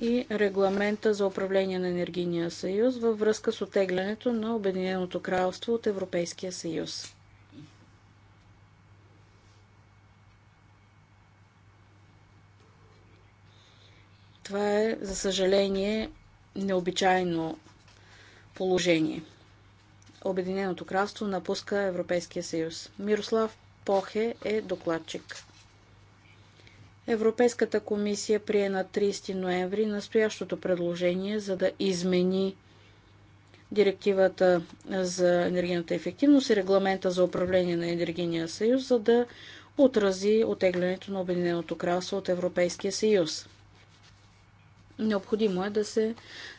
и регламента за управление на енергийния съюз във връзка с отеглянето на Обединеното кралство от Европейския съюз. Това е, за съжаление, необичайно положение. Обединеното кралство напуска Европейския съюз. Мирослав Похе е докладчик. Европейската комисия прие на 30 ноември настоящото предложение, за да измени директивата за енергийната ефективност и регламента за управление на енергийния съюз, за да отрази отеглянето на Обединеното кралство от Европейския съюз. Необходимо е да се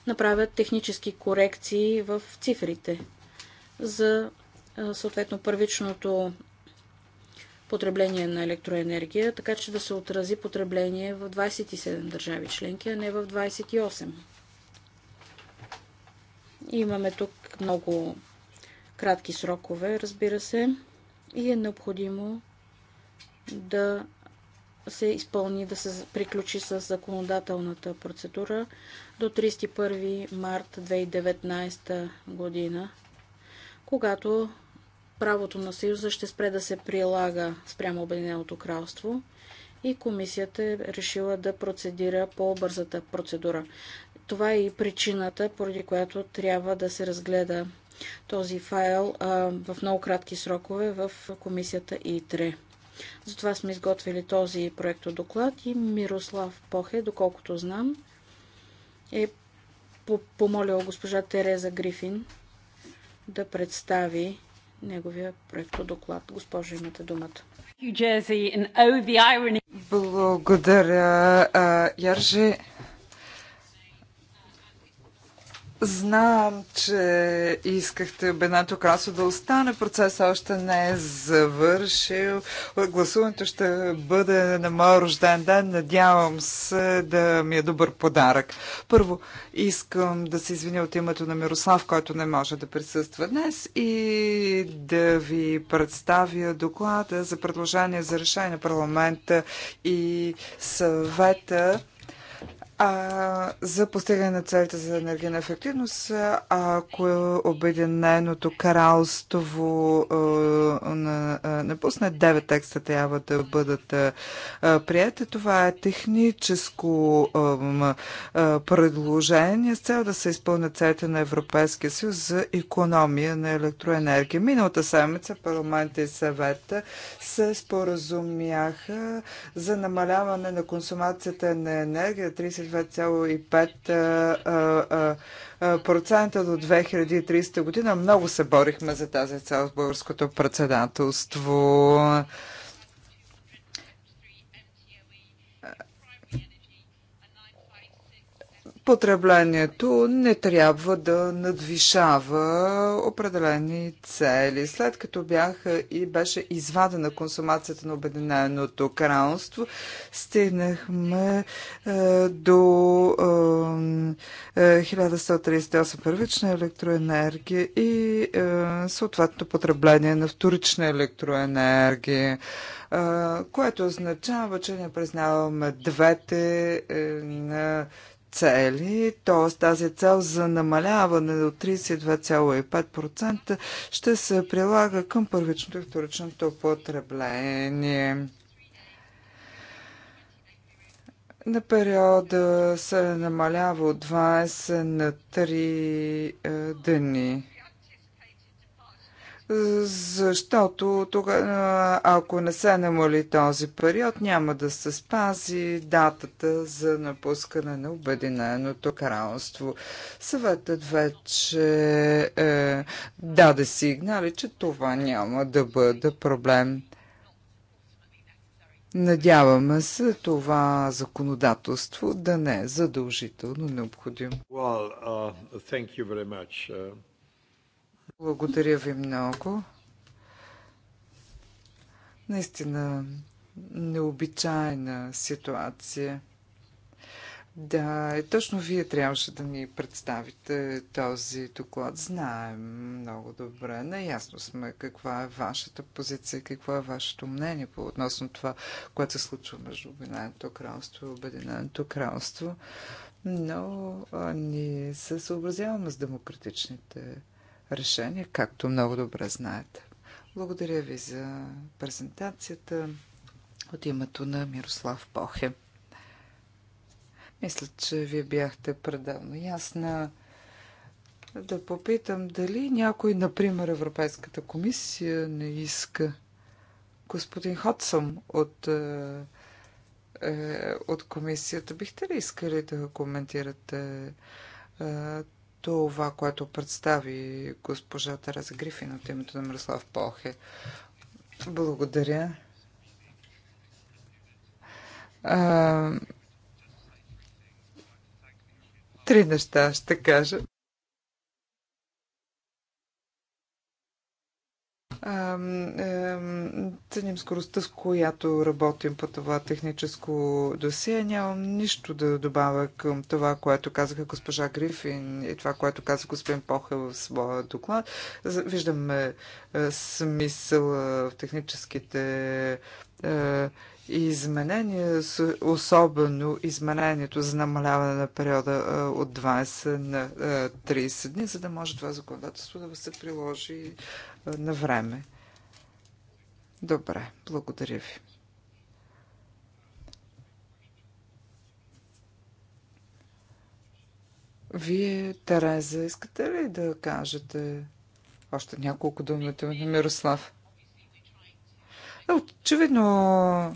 направят технически корекции в цифрите за съответно първичното потребление на електроенергия, така че да се отрази потребление в 27 държави членки, а не в 28. Имаме тук много кратки срокове, разбира се, и е необходимо да се изпълни, да се приключи с законодателната процедура до 31 март 2019 година, когато правото на Съюза ще спре да се прилага спрямо Обединеното кралство и комисията е решила да процедира по бързата процедура. Това е и причината, поради която трябва да се разгледа този файл а, в много кратки срокове в комисията ИТРЕ. Затова сме изготвили този проект от доклад и Мирослав Похе, доколкото знам, е помолил госпожа Тереза Грифин да представи неговия проектодоклад. Госпожа, имате думата. Oh, Благодаря, Ярже. Знам, че искахте Бенато Красо да остане. Процесът още не е завършил. Гласуването ще бъде на моя рожден ден. Надявам се да ми е добър подарък. Първо, искам да се извиня от името на Мирослав, който не може да присъства днес и да ви представя доклада за предложение за решение на парламента и съвета а, за постигане на целите за енергийна ефективност, ако е Обединеното кралство на, напусне, девет текста трябва да бъдат а, прияти. Това е техническо предложение с цел да се изпълнят целите на Европейския съюз за економия на електроенергия. Миналата седмица парламента и съвета се споразумяха за намаляване на консумацията на енергия 30 процента до 2030 година. Много се борихме за тази цел с българското председателство. потреблението не трябва да надвишава определени цели. След като бяха и беше извадена консумацията на Обединеното кралство, стигнахме е, до е, 1138 е, първична електроенергия и е, съответно потребление на вторична електроенергия е, което означава, че не признаваме двете е, на цели, т.е. тази цел за намаляване от 32,5% ще се прилага към първичното и вторичното потребление. На периода се намалява от 20 на 3 е, дни защото тога, ако не се намали този период, няма да се спази датата за напускане на Обединеното кралство. Съветът вече е, даде сигнали, че това няма да бъде проблем. Надяваме се това законодателство да не е задължително необходимо. Well, uh, благодаря ви много. Наистина необичайна ситуация. Да, и е, точно вие трябваше да ни представите този доклад. Знаем много добре, наясно сме каква е вашата позиция, какво е вашето мнение по относно това, което се случва между Обединеното кралство и Обединеното кралство. Но а, ние се съобразяваме с демократичните решение, както много добре знаете. Благодаря ви за презентацията от името на Мирослав Похе. Мисля, че вие бяхте пределно ясна да попитам дали някой, например, Европейската комисия не иска господин Хотсъм от, е, е, от комисията. Бихте ли искали да коментирате е, това, което представи госпожа Тараса Грифин от името на Мирослав Полхе. Благодаря. А, три неща ще кажа. Ценим скоростта, с която работим по това техническо досие. Нямам нищо да добавя към това, което казаха госпожа Грифин и това, което каза господин Поха в своя доклад. Виждаме смисъл в техническите изменения, особено изменението за намаляване на периода от 20 на 30 дни, за да може това законодателство да се приложи на време. Добре, благодаря ви. Вие, Тереза, искате ли да кажете още няколко думите на Мирослав? Очевидно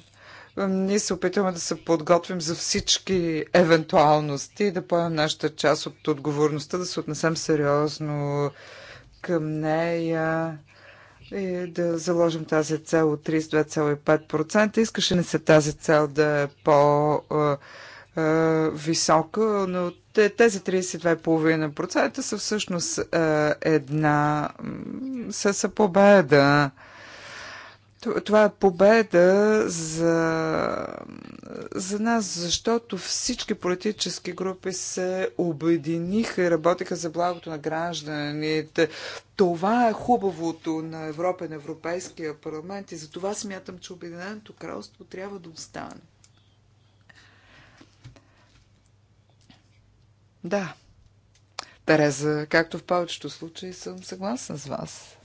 ние се опитваме да се подготвим за всички евентуалности, да поемем нашата част от отговорността, да се отнесем сериозно към нея и да заложим тази цел от 32,5%. Искаше не се тази цел да е по-висока, но тези 32,5% са всъщност е, една са, са победа. Това е победа за, за нас, защото всички политически групи се обединиха и работиха за благото на гражданите. Това е хубавото на Европа и на Европейския парламент и за това смятам, че Обединеното кралство трябва да остане. Да, Тереза, както в повечето случаи съм съгласна с вас.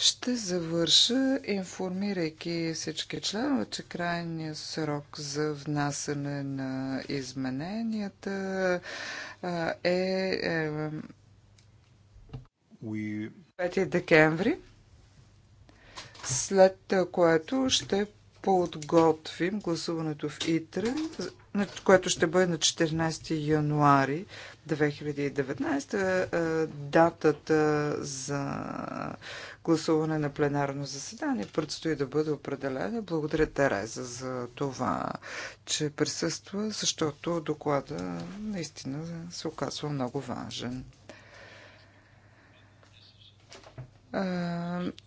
Ще завърша, информирайки всички членове, че крайният срок за внасяне на измененията е 5 е, декември, след което ще подготвим гласуването в ИТРА, което ще бъде на 14 януари 2019, датата за гласуване на пленарно заседание. Предстои да бъде определена. Благодаря Тереза за това, че присъства, защото доклада наистина се оказва много важен.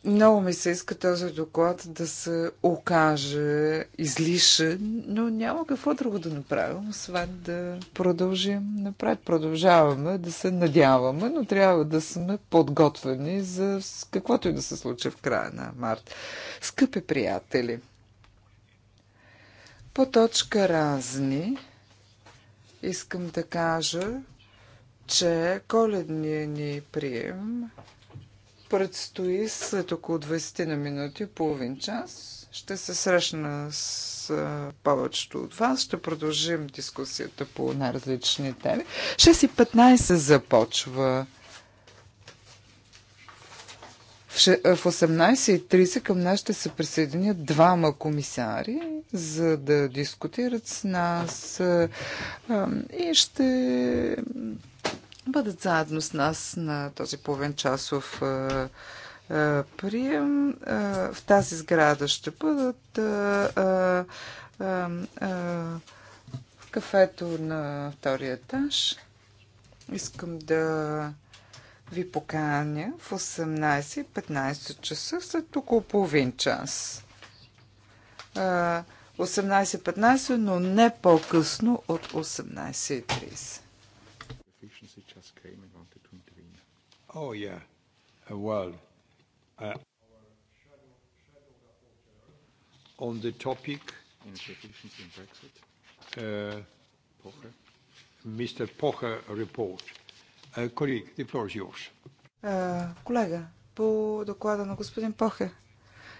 много ми се иска този доклад да се окаже излишен, но няма какво друго да направим, освен да продължим напред. Продължаваме да се надяваме, но трябва да сме подготвени за каквото и да се случи в края на март. Скъпи приятели, по точка разни искам да кажа, че коледния ни прием Предстои след около 20 на минути, половин час. Ще се срещна с повечето от вас. Ще продължим дискусията по най-различни теми. 6.15 започва. В 18.30 към нас ще се присъединят двама комисари, за да дискутират с нас и ще бъдат заедно с нас на този половин часов е, е, прием. Е, в тази сграда ще бъдат в кафето на втория етаж. Искам да ви поканя в 18.15 часа след около половин час. 18.15, но не по-късно от 18.30 just came and wanted to intervene. Oh, yeah. Uh, well, uh, on the topic insufficiency in Brexit, uh, Pocher. Mr. Pocher report. Uh, colleague, the floor is yours. Uh, колега, по доклада на господин Похе.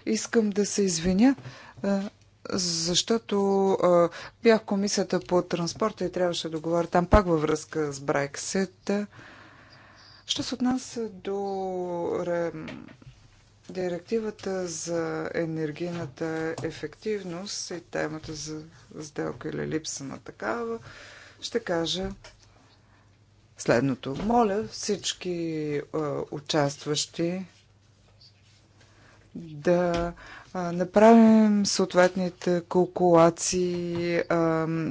Искам да се извиня. Uh, защото а, бях комисията по транспорта и трябваше да говоря там пак във връзка с Брексит. Що се отнася до ре, директивата за енергийната ефективност и темата за сделка или липса на такава, ще кажа следното. Моля всички а, участващи да направим съответните калкулации,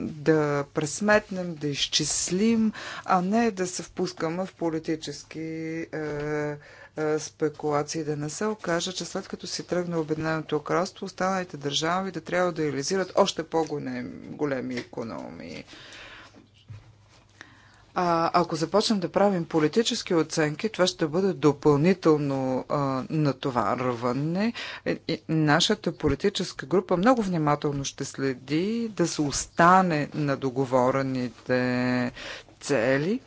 да пресметнем, да изчислим, а не да се впускаме в политически спекулации, да не се окаже, че след като си тръгне Обединеното кралство, останалите държави да трябва да реализират още по-големи економии. А, ако започнем да правим политически оценки, това ще бъде допълнително а, натоварване. Е, и нашата политическа група много внимателно ще следи да се остане на договорените цели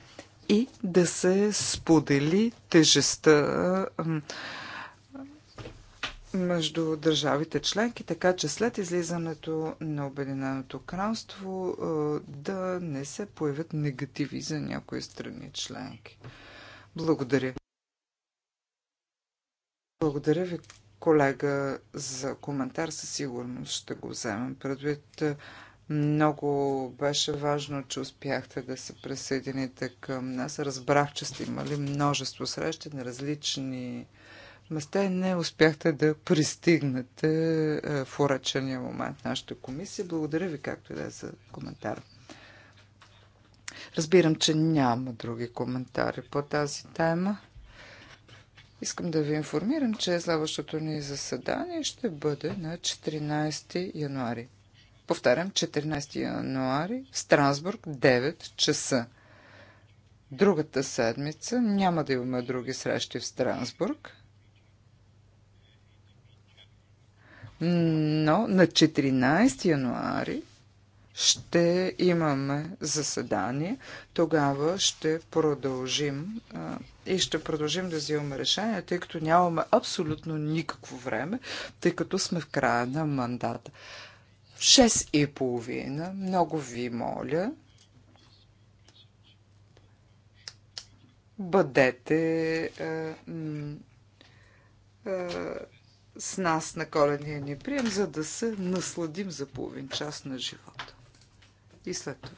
и да се сподели тежестта. А, между държавите членки, така че след излизането на Обединеното кралство да не се появят негативи за някои страни членки. Благодаря. Благодаря ви, колега, за коментар. Със сигурност ще го вземем предвид. Много беше важно, че успяхте да се присъедините към нас. Разбрах, че сте имали множество срещи на различни Масте не успяхте да пристигнете е, в уръчения момент нашата комисия. Благодаря ви както и да е за коментар. Разбирам, че няма други коментари по тази тема. Искам да ви информирам, че следващото ни заседание ще бъде на 14 януари. Повтарям, 14 януари в Страсбург, 9 часа. Другата седмица няма да имаме други срещи в Страсбург. Но на 14 януари ще имаме заседание. Тогава ще продължим а, и ще продължим да взимаме решение, тъй като нямаме абсолютно никакво време, тъй като сме в края на мандата. В 6 и половина, много ви моля, бъдете а, а, с нас на коледния ни прием, за да се насладим за половин час на живота. И след това